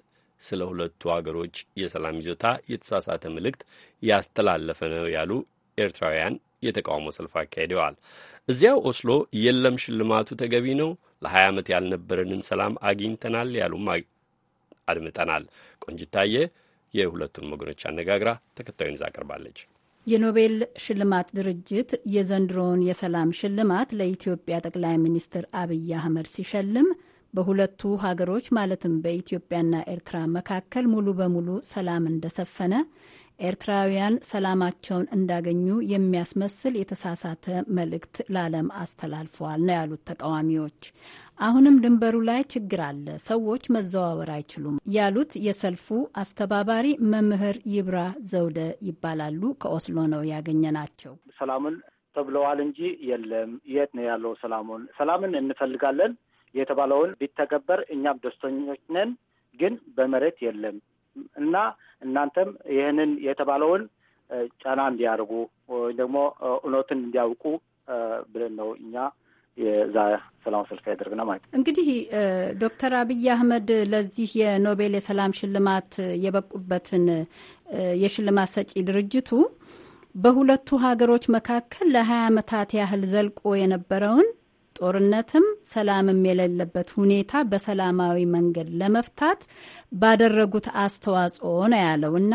ስለ ሁለቱ አገሮች የሰላም ይዞታ የተሳሳተ መልእክት ያስተላለፈ ነው ያሉ ኤርትራውያን የተቃውሞ ሰልፍ አካሂደዋል። እዚያው ኦስሎ የለም ሽልማቱ ተገቢ ነው፣ ለ20 ዓመት ያልነበረንን ሰላም አግኝተናል ያሉም አድምጠናል። ቆንጅታየ የሁለቱን ወገኖች አነጋግራ ተከታዩን ይዛ ቀርባለች። የኖቤል ሽልማት ድርጅት የዘንድሮውን የሰላም ሽልማት ለኢትዮጵያ ጠቅላይ ሚኒስትር አብይ አህመድ ሲሸልም በሁለቱ ሀገሮች ማለትም በኢትዮጵያና ኤርትራ መካከል ሙሉ በሙሉ ሰላም እንደሰፈነ ኤርትራውያን ሰላማቸውን እንዳገኙ የሚያስመስል የተሳሳተ መልእክት ለዓለም አስተላልፈዋል ነው ያሉት ተቃዋሚዎች። አሁንም ድንበሩ ላይ ችግር አለ፣ ሰዎች መዘዋወር አይችሉም ያሉት የሰልፉ አስተባባሪ መምህር ይብራ ዘውደ ይባላሉ። ከኦስሎ ነው ናቸው። ሰላሙን ተብለዋል እንጂ የለም። የት ነው ያለው? ሰላሙን ሰላምን እንፈልጋለን የተባለውን ቢተገበር እኛም ደስተኞች ነን። ግን በመሬት የለም እና እናንተም ይህንን የተባለውን ጫና እንዲያደርጉ ወይም ደግሞ እውነትን እንዲያውቁ ብለን ነው እኛ የዛ ሰላም ሰልፍ ነው ማለት ነው። እንግዲህ ዶክተር አብይ አህመድ ለዚህ የኖቤል የሰላም ሽልማት የበቁበትን የሽልማት ሰጪ ድርጅቱ በሁለቱ ሀገሮች መካከል ለሀያ ዓመታት ያህል ዘልቆ የነበረውን ጦርነትም ሰላምም የሌለበት ሁኔታ በሰላማዊ መንገድ ለመፍታት ባደረጉት አስተዋጽኦ ነው ያለው እና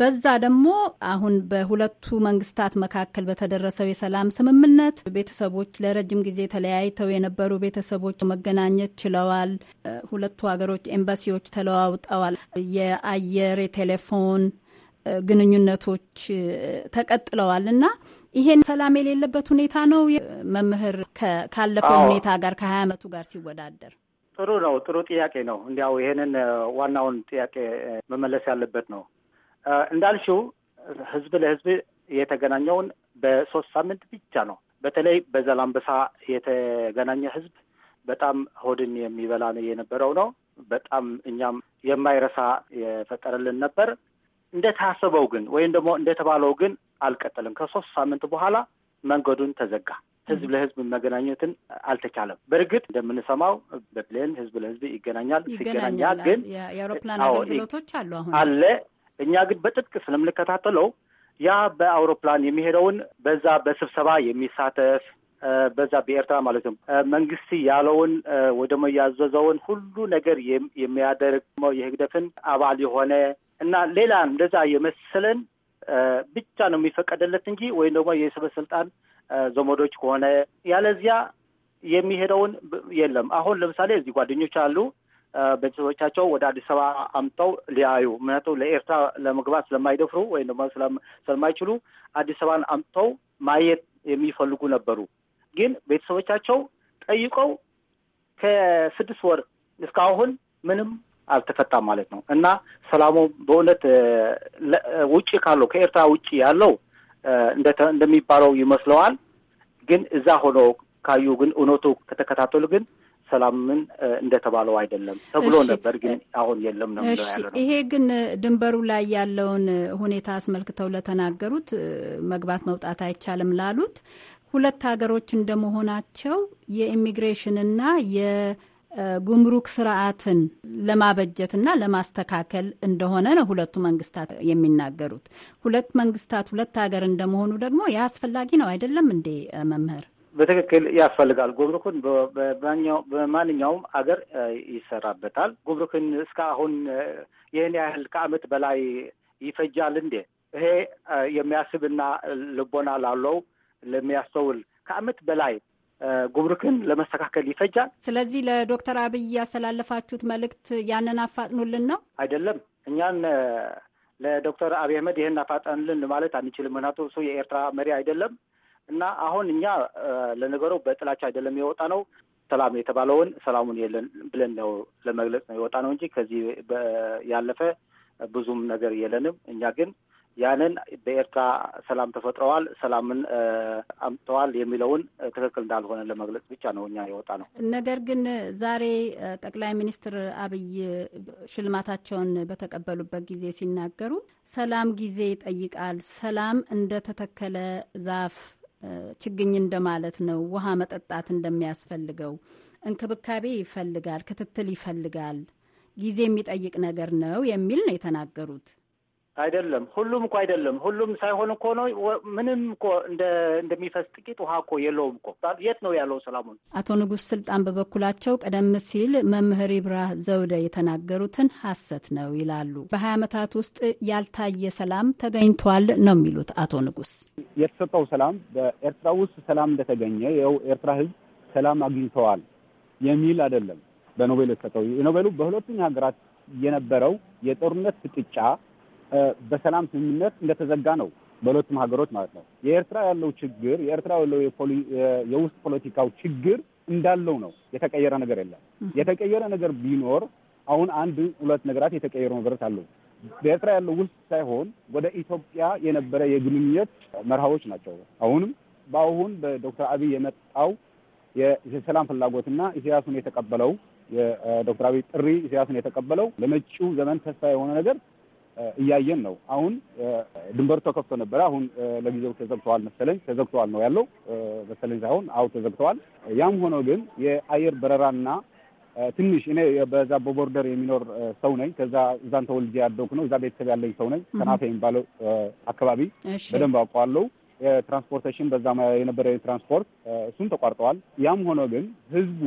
በዛ ደግሞ አሁን በሁለቱ መንግስታት መካከል በተደረሰው የሰላም ስምምነት ቤተሰቦች ለረጅም ጊዜ ተለያይተው የነበሩ ቤተሰቦች መገናኘት ችለዋል። ሁለቱ ሀገሮች ኤምባሲዎች ተለዋውጠዋል። የአየር የቴሌፎን ግንኙነቶች ተቀጥለዋል እና ይሄን ሰላም የሌለበት ሁኔታ ነው። መምህር ካለፈው ሁኔታ ጋር ከሀያ አመቱ ጋር ሲወዳደር ጥሩ ነው። ጥሩ ጥያቄ ነው። እንዲያው ይሄንን ዋናውን ጥያቄ መመለስ ያለበት ነው። እንዳልሽው ህዝብ ለህዝብ የተገናኘውን በሶስት ሳምንት ብቻ ነው። በተለይ በዛላምበሳ የተገናኘ ህዝብ በጣም ሆድን የሚበላ የነበረው ነው። በጣም እኛም የማይረሳ የፈጠረልን ነበር። እንደታሰበው ግን ወይም ደግሞ እንደተባለው ግን አልቀጠልም። ከሶስት ሳምንት በኋላ መንገዱን ተዘጋ። ህዝብ ለህዝብ መገናኘትን አልተቻለም። በእርግጥ እንደምንሰማው በፕሌን ህዝብ ለህዝብ ይገናኛል ይገናኛል፣ ግን የአውሮፕላን አገልግሎቶች አሉ አሁን አለ እኛ ግን በጥብቅ ስለምንከታተለው ያ በአውሮፕላን የሚሄደውን በዛ በስብሰባ የሚሳተፍ በዛ በኤርትራ ማለት ነው መንግስት ያለውን ወደሞ ያዘዘውን ሁሉ ነገር የሚያደርግ የህግደፍን አባል የሆነ እና ሌላ እንደዛ የመሰለን ብቻ ነው የሚፈቀደለት እንጂ ወይም ደግሞ የስበስልጣን ዘመዶች ከሆነ ያለዚያ የሚሄደውን የለም። አሁን ለምሳሌ እዚህ ጓደኞች አሉ ቤተሰቦቻቸው ወደ አዲስ አበባ አምጠው ሊያዩ ምክንያቱም ለኤርትራ ለመግባት ስለማይደፍሩ ወይም ደግሞ ስለማይችሉ አዲስ አበባን አምጠው ማየት የሚፈልጉ ነበሩ። ግን ቤተሰቦቻቸው ጠይቀው ከስድስት ወር እስካሁን ምንም አልተፈታም ማለት ነው እና ሰላሙ በእውነት ውጭ ካለው ከኤርትራ ውጭ ያለው እንደሚባለው ይመስለዋል። ግን እዛ ሆኖ ካዩ ግን እውነቱ ከተከታተሉ ግን ሰላምን እንደተባለው አይደለም ተብሎ ነበር፣ ግን አሁን የለም ነው ያለ ነው። ይሄ ግን ድንበሩ ላይ ያለውን ሁኔታ አስመልክተው ለተናገሩት መግባት መውጣት አይቻልም ላሉት ሁለት ሀገሮች እንደመሆናቸው የኢሚግሬሽንና የጉምሩክ ስርዓትን ለማበጀትና ለማስተካከል እንደሆነ ነው ሁለቱ መንግስታት የሚናገሩት። ሁለት መንግስታት ሁለት ሀገር እንደመሆኑ ደግሞ ያ አስፈላጊ ነው አይደለም እንዴ መምህር? በትክክል ያስፈልጋል። ጉምሩክን በማንኛውም አገር ይሰራበታል። ጉምሩክን እስከ አሁን ይህን ያህል ከአመት በላይ ይፈጃል እንዴ? ይሄ የሚያስብና ልቦና ላለው ለሚያስተውል ከአመት በላይ ጉምሩክን ለመስተካከል ይፈጃል። ስለዚህ ለዶክተር አብይ ያስተላለፋችሁት መልእክት ያንን አፋጥኑልን ነው አይደለም? እኛን ለዶክተር አብይ አህመድ ይህን አፋጠንልን ማለት አንችልም። ምክንያቱ እሱ የኤርትራ መሪ አይደለም። እና አሁን እኛ ለነገሩ በጥላቻ አይደለም የወጣ ነው ሰላም የተባለውን ሰላሙን የለን ብለን ነው ለመግለጽ ነው የወጣ ነው እንጂ ከዚህ ያለፈ ብዙም ነገር የለንም። እኛ ግን ያንን በኤርትራ ሰላም ተፈጥረዋል፣ ሰላምን አምጥተዋል የሚለውን ትክክል እንዳልሆነ ለመግለጽ ብቻ ነው እኛ የወጣ ነው። ነገር ግን ዛሬ ጠቅላይ ሚኒስትር አብይ ሽልማታቸውን በተቀበሉበት ጊዜ ሲናገሩ ሰላም ጊዜ ይጠይቃል፣ ሰላም እንደተተከለ ዛፍ ችግኝ እንደማለት ነው። ውሃ መጠጣት እንደሚያስፈልገው እንክብካቤ ይፈልጋል፣ ክትትል ይፈልጋል፣ ጊዜ የሚጠይቅ ነገር ነው የሚል ነው የተናገሩት። አይደለም ሁሉም እኮ አይደለም ሁሉም ሳይሆን እኮ ነው። ምንም እኮ እንደሚፈስ ጥቂት ውሃ እኮ የለውም እኮ የት ነው ያለው? ሰላሙን አቶ ንጉስ ስልጣን በበኩላቸው ቀደም ሲል መምህር ይብራ ዘውደ የተናገሩትን ሀሰት ነው ይላሉ። በሀያ ዓመታት ውስጥ ያልታየ ሰላም ተገኝቷል ነው የሚሉት አቶ ንጉስ የተሰጠው ሰላም በኤርትራ ውስጥ ሰላም እንደተገኘ ይኸው ኤርትራ ህዝብ ሰላም አግኝተዋል የሚል አይደለም። በኖቤል የተሰጠው የኖቤሉ በሁለቱኛ ሀገራት የነበረው የጦርነት ፍጥጫ በሰላም ስምምነት እንደተዘጋ ነው በሁለቱም ሀገሮች ማለት ነው። የኤርትራ ያለው ችግር የኤርትራ ያለው የውስጥ ፖለቲካው ችግር እንዳለው ነው። የተቀየረ ነገር የለም። የተቀየረ ነገር ቢኖር አሁን አንድ ሁለት ነገራት የተቀየሩ ነገሮች አሉ። በኤርትራ ያለው ውስጥ ሳይሆን ወደ ኢትዮጵያ የነበረ የግንኙነት መርሃዎች ናቸው። አሁንም በአሁን በዶክተር አብይ የመጣው የሰላም ፍላጎትና ኢሳያሱን የተቀበለው የዶክተር አብይ ጥሪ ኢሳያሱን የተቀበለው ለመጪው ዘመን ተስፋ የሆነ ነገር እያየን ነው። አሁን ድንበሩ ተከፍቶ ነበረ። አሁን ለጊዜው ተዘግተዋል መሰለኝ ተዘግተዋል ነው ያለው መሰለኝ ሳይሆን አሁ ተዘግተዋል። ያም ሆኖ ግን የአየር በረራና ትንሽ እኔ በዛ በቦርደር የሚኖር ሰው ነኝ። ከዛ እዛን ተወልጄ ያደኩ ነው። እዛ ቤተሰብ ያለኝ ሰው ነኝ። ከናፌ የሚባለው አካባቢ በደንብ አውቀዋለሁ። የትራንስፖርቴሽን በዛ የነበረ ትራንስፖርት እሱም ተቋርጠዋል። ያም ሆኖ ግን ህዝቡ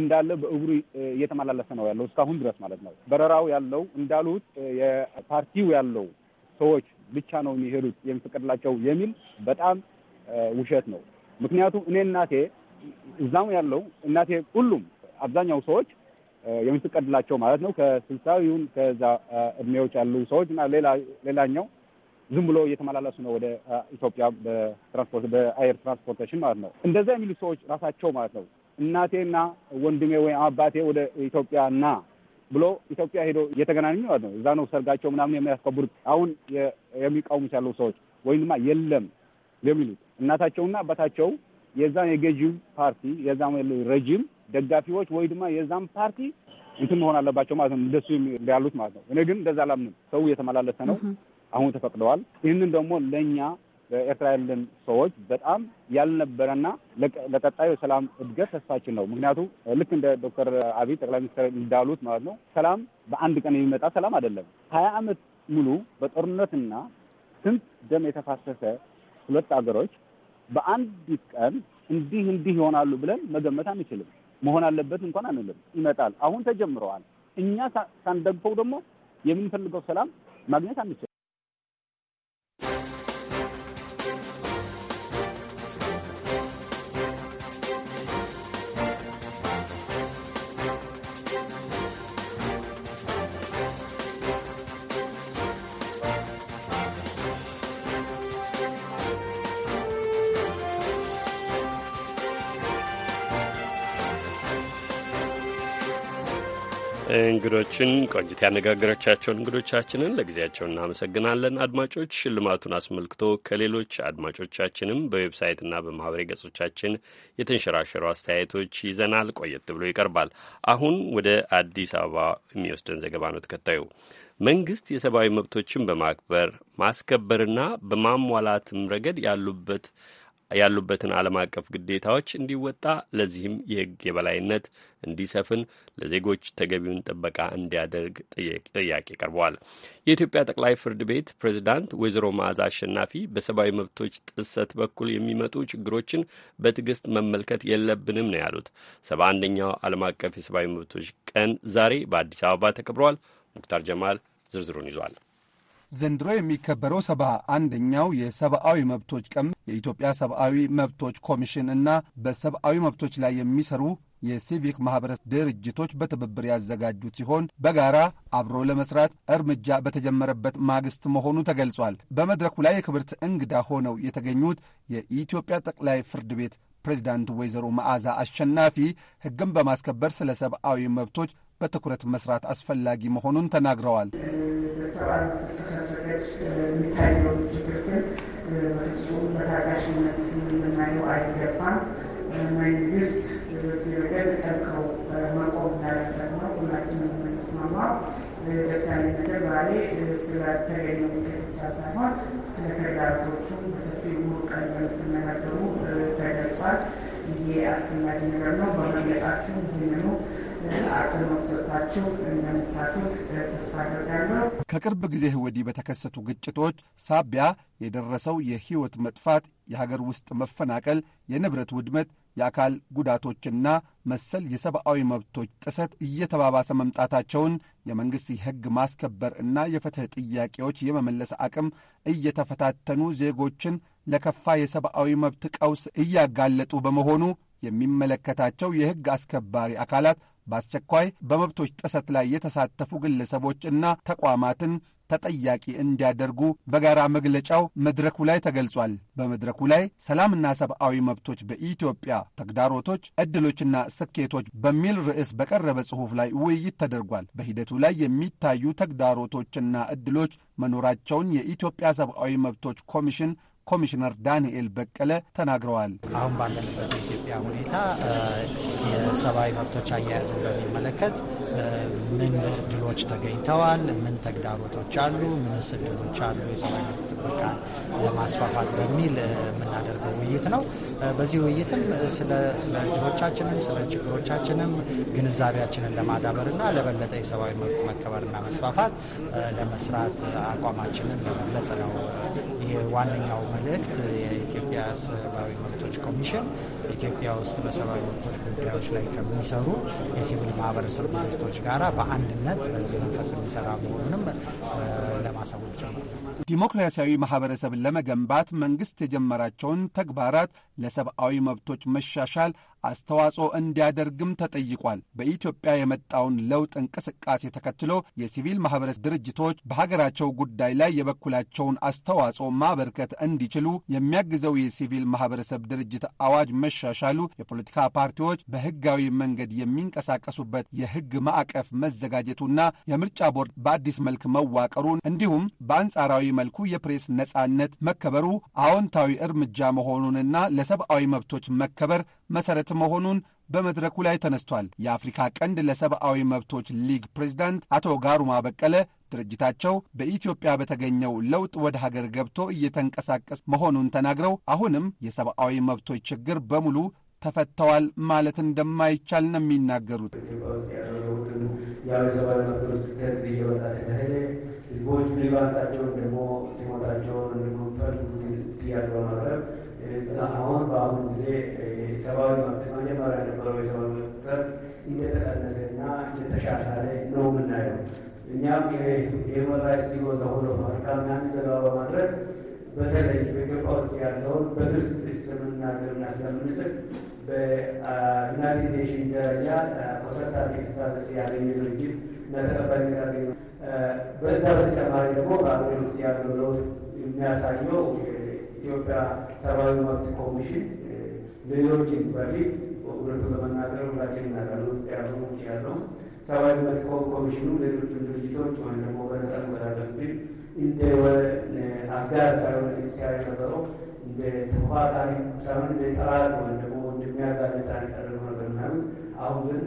እንዳለ በእግሩ እየተመላለሰ ነው ያለው እስካሁን ድረስ ማለት ነው። በረራው ያለው እንዳሉት የፓርቲው ያለው ሰዎች ብቻ ነው የሚሄዱት የሚፈቀድላቸው የሚል በጣም ውሸት ነው። ምክንያቱም እኔ እናቴ እዛም ያለው እናቴ ሁሉም አብዛኛው ሰዎች የሚፈቀድላቸው ማለት ነው ከስልሳ ከዛ እድሜዎች ያሉ ሰዎች እና ሌላኛው ዝም ብሎ እየተመላለሱ ነው ወደ ኢትዮጵያ በትራንስፖርት በአየር ትራንስፖርቴሽን ማለት ነው። እንደዛ የሚሉ ሰዎች ራሳቸው ማለት ነው እናቴና ወንድሜ ወይም አባቴ ወደ ኢትዮጵያ ና ብሎ ኢትዮጵያ ሄዶ እየተገናኙ ማለት ነው። እዛ ነው ሰርጋቸው ምናምን የሚያስከብሩት። አሁን የሚቃወሙት ያሉ ሰዎች ወይም ድማ የለም የሚሉት እናታቸውና አባታቸው የዛን የገዢው ፓርቲ የዛ ረጅም ደጋፊዎች ወይ ድማ የዛም ፓርቲ እንትን መሆን አለባቸው ማለት ነው። እንደሱ ያሉት ማለት ነው። እኔ ግን እንደዛ አላምንም። ሰው እየተመላለሰ ነው። አሁን ተፈቅደዋል። ይህንን ደግሞ ለእኛ በኤርትራ ያለን ሰዎች በጣም ያልነበረና ለቀጣዩ የሰላም እድገት ተስፋችን ነው። ምክንያቱም ልክ እንደ ዶክተር አብይ ጠቅላይ ሚኒስትር እንዳሉት ማለት ነው ሰላም በአንድ ቀን የሚመጣ ሰላም አይደለም። ሀያ ዓመት ሙሉ በጦርነትና ስንት ደም የተፋሰሰ ሁለት አገሮች በአንድ ቀን እንዲህ እንዲህ ይሆናሉ ብለን መገመት አንችልም። መሆን አለበት እንኳን አንልም። ይመጣል። አሁን ተጀምረዋል። እኛ ሳንደግፈው ደግሞ የምንፈልገው ሰላም ማግኘት አንችልም። እንግዶችን ቆንጅት ያነጋገረቻቸውን እንግዶቻችንን ለጊዜያቸው እናመሰግናለን። አድማጮች ሽልማቱን አስመልክቶ ከሌሎች አድማጮቻችንም በዌብሳይትና በማህበሬ ገጾቻችን የተንሸራሸሩ አስተያየቶች ይዘናል። ቆየት ብሎ ይቀርባል። አሁን ወደ አዲስ አበባ የሚወስደን ዘገባ ነው ተከታዩ። መንግስት የሰብአዊ መብቶችን በማክበር ማስከበርና በማሟላትም ረገድ ያሉበት ያሉበትን ዓለም አቀፍ ግዴታዎች እንዲወጣ ለዚህም የሕግ የበላይነት እንዲሰፍን ለዜጎች ተገቢውን ጥበቃ እንዲያደርግ ጥያቄ ቀርበዋል። የኢትዮጵያ ጠቅላይ ፍርድ ቤት ፕሬዚዳንት ወይዘሮ መዓዛ አሸናፊ በሰብአዊ መብቶች ጥሰት በኩል የሚመጡ ችግሮችን በትዕግስት መመልከት የለብንም ነው ያሉት። ሰባ አንደኛው ዓለም አቀፍ የሰብአዊ መብቶች ቀን ዛሬ በአዲስ አበባ ተከብረዋል። ሙክታር ጀማል ዝርዝሩን ይዟል። ዘንድሮ የሚከበረው ሰባ አንደኛው የሰብአዊ መብቶች ቀን የኢትዮጵያ ሰብአዊ መብቶች ኮሚሽን እና በሰብአዊ መብቶች ላይ የሚሰሩ የሲቪክ ማኅበረሰብ ድርጅቶች በትብብር ያዘጋጁት ሲሆን በጋራ አብሮ ለመስራት እርምጃ በተጀመረበት ማግስት መሆኑ ተገልጿል። በመድረኩ ላይ የክብርት እንግዳ ሆነው የተገኙት የኢትዮጵያ ጠቅላይ ፍርድ ቤት ፕሬዚዳንት ወይዘሮ መዓዛ አሸናፊ ሕግን በማስከበር ስለ ሰብአዊ መብቶች በትኩረት መስራት አስፈላጊ መሆኑን ተናግረዋል። የሚታየው ችግር ግን በፍጹም በታጋሽነት የምናየው አይገባም። መንግስት በዚህ መቆም እንዳለበት ነው የምንስማማው። ነገር ዛሬ ብቻ ሳይሆን ስለ ተግዳሮቶቹ ተገልጿል። ይሄ አስፈላጊ ነገር ነው። በመግለጫችሁ ይህንኑ ተስፋ አደርጋለሁ። ከቅርብ ጊዜ ወዲህ በተከሰቱ ግጭቶች ሳቢያ የደረሰው የህይወት መጥፋት፣ የሀገር ውስጥ መፈናቀል፣ የንብረት ውድመት፣ የአካል ጉዳቶችና መሰል የሰብአዊ መብቶች ጥሰት እየተባባሰ መምጣታቸውን የመንግሥት የሕግ ማስከበር እና የፍትሕ ጥያቄዎች የመመለስ አቅም እየተፈታተኑ ዜጎችን ለከፋ የሰብአዊ መብት ቀውስ እያጋለጡ በመሆኑ የሚመለከታቸው የሕግ አስከባሪ አካላት በአስቸኳይ በመብቶች ጥሰት ላይ የተሳተፉ ግለሰቦች እና ተቋማትን ተጠያቂ እንዲያደርጉ በጋራ መግለጫው መድረኩ ላይ ተገልጿል። በመድረኩ ላይ ሰላምና ሰብአዊ መብቶች በኢትዮጵያ ተግዳሮቶች፣ ዕድሎችና ስኬቶች በሚል ርዕስ በቀረበ ጽሑፍ ላይ ውይይት ተደርጓል። በሂደቱ ላይ የሚታዩ ተግዳሮቶችና ዕድሎች መኖራቸውን የኢትዮጵያ ሰብአዊ መብቶች ኮሚሽን ኮሚሽነር ዳንኤል በቀለ ተናግረዋል። አሁን ባለንበት የኢትዮጵያ ሁኔታ የሰብአዊ መብቶች አያያዝን በሚመለከት ምን እድሎች ተገኝተዋል፣ ምን ተግዳሮቶች አሉ፣ ምንስ እድሎች አሉ የሰብአዊ መብት ጥበቃ ለማስፋፋት በሚል የምናደርገው ውይይት ነው። በዚህ ውይይትም ስለ እድሎቻችንም ስለ ችግሮቻችንም ግንዛቤያችንን ለማዳበርና ለበለጠ የሰብአዊ መብት መከበርና መስፋፋት ለመስራት አቋማችንን ለመግለጽ ነው። ይሄ ዋነኛው መልእክት የኢትዮጵያ ሰብአዊ መብቶች ኮሚሽን ኢትዮጵያ ውስጥ በሰብአዊ መብቶች ጉዳዮች ላይ ከሚሰሩ የሲቪል ማህበረሰብ ድርጅቶች ጋራ በአንድነት በዚህ መንፈስ የሚሰራ መሆኑንም ማሳወቅ ዲሞክራሲያዊ ማህበረሰብን ለመገንባት መንግስት የጀመራቸውን ተግባራት ለሰብአዊ መብቶች መሻሻል አስተዋጽኦ እንዲያደርግም ተጠይቋል። በኢትዮጵያ የመጣውን ለውጥ እንቅስቃሴ ተከትሎ የሲቪል ማህበረሰብ ድርጅቶች በሀገራቸው ጉዳይ ላይ የበኩላቸውን አስተዋጽኦ ማበርከት እንዲችሉ የሚያግዘው የሲቪል ማህበረሰብ ድርጅት አዋጅ መሻሻሉ የፖለቲካ ፓርቲዎች በህጋዊ መንገድ የሚንቀሳቀሱበት የህግ ማዕቀፍ መዘጋጀቱና የምርጫ ቦርድ በአዲስ መልክ መዋቀሩን እንዲሁ እንዲሁም በአንጻራዊ መልኩ የፕሬስ ነጻነት መከበሩ አዎንታዊ እርምጃ መሆኑንና ለሰብአዊ መብቶች መከበር መሠረት መሆኑን በመድረኩ ላይ ተነስቷል። የአፍሪካ ቀንድ ለሰብአዊ መብቶች ሊግ ፕሬዚዳንት አቶ ጋሩማ በቀለ ድርጅታቸው በኢትዮጵያ በተገኘው ለውጥ ወደ ሀገር ገብቶ እየተንቀሳቀስ መሆኑን ተናግረው አሁንም የሰብአዊ መብቶች ችግር በሙሉ ተፈተዋል ማለት እንደማይቻል ነው የሚናገሩት። የሰብአዊ መብቶች ጥሰት እየበጣ ስለሄደ ህዝቦች ሪቫንሳቸውን ደግሞ ሲሞታቸውን እንደሚፈልጉት ጥያቄ በማቅረብ አሁን በአሁኑ ጊዜ መብት መጀመሪያ የነበረው የሰብአዊ መብት ጥሰት እንደተሻሻለ ነው የምናየው። እኛም የሂውማን ራይትስ ቢሮ ዘሆሎ አፍሪካ አንድ ዘገባ በማድረግ በተለይ በኢትዮጵያ ውስጥ ያለውን በግልጽ ስለምናገርና ስለምንስል በዩናይትድ ኔሽን ደረጃ ኮንሰልታቲቭ ስታተስ ያገኘ ድርጅት ለተቀባይነት ያገኘ በዛ በተጨማሪ ደግሞ በአገር ውስጥ ያለው ለውጥ የሚያሳየው የኢትዮጵያ ሰብአዊ መብት ኮሚሽን ሌሎችን በፊት ሁለቱ ለመናገር ሁላችን እናቀሉ ውስጥ ያሉ ውጭ ያለው ሰብአዊ መብት ኮሚሽኑ ሌሎችን ድርጅቶች ወይም ደግሞ በነጻ መወዳደር እንደ አጋር ሳይሆን ሲያ ነበረው እንደ ተፋካሪ ሳይሆን እንደ ጠላት ወይም ደግሞ እንደሚያጋልጥ አድርገው ነበር ምናምን። አሁን ግን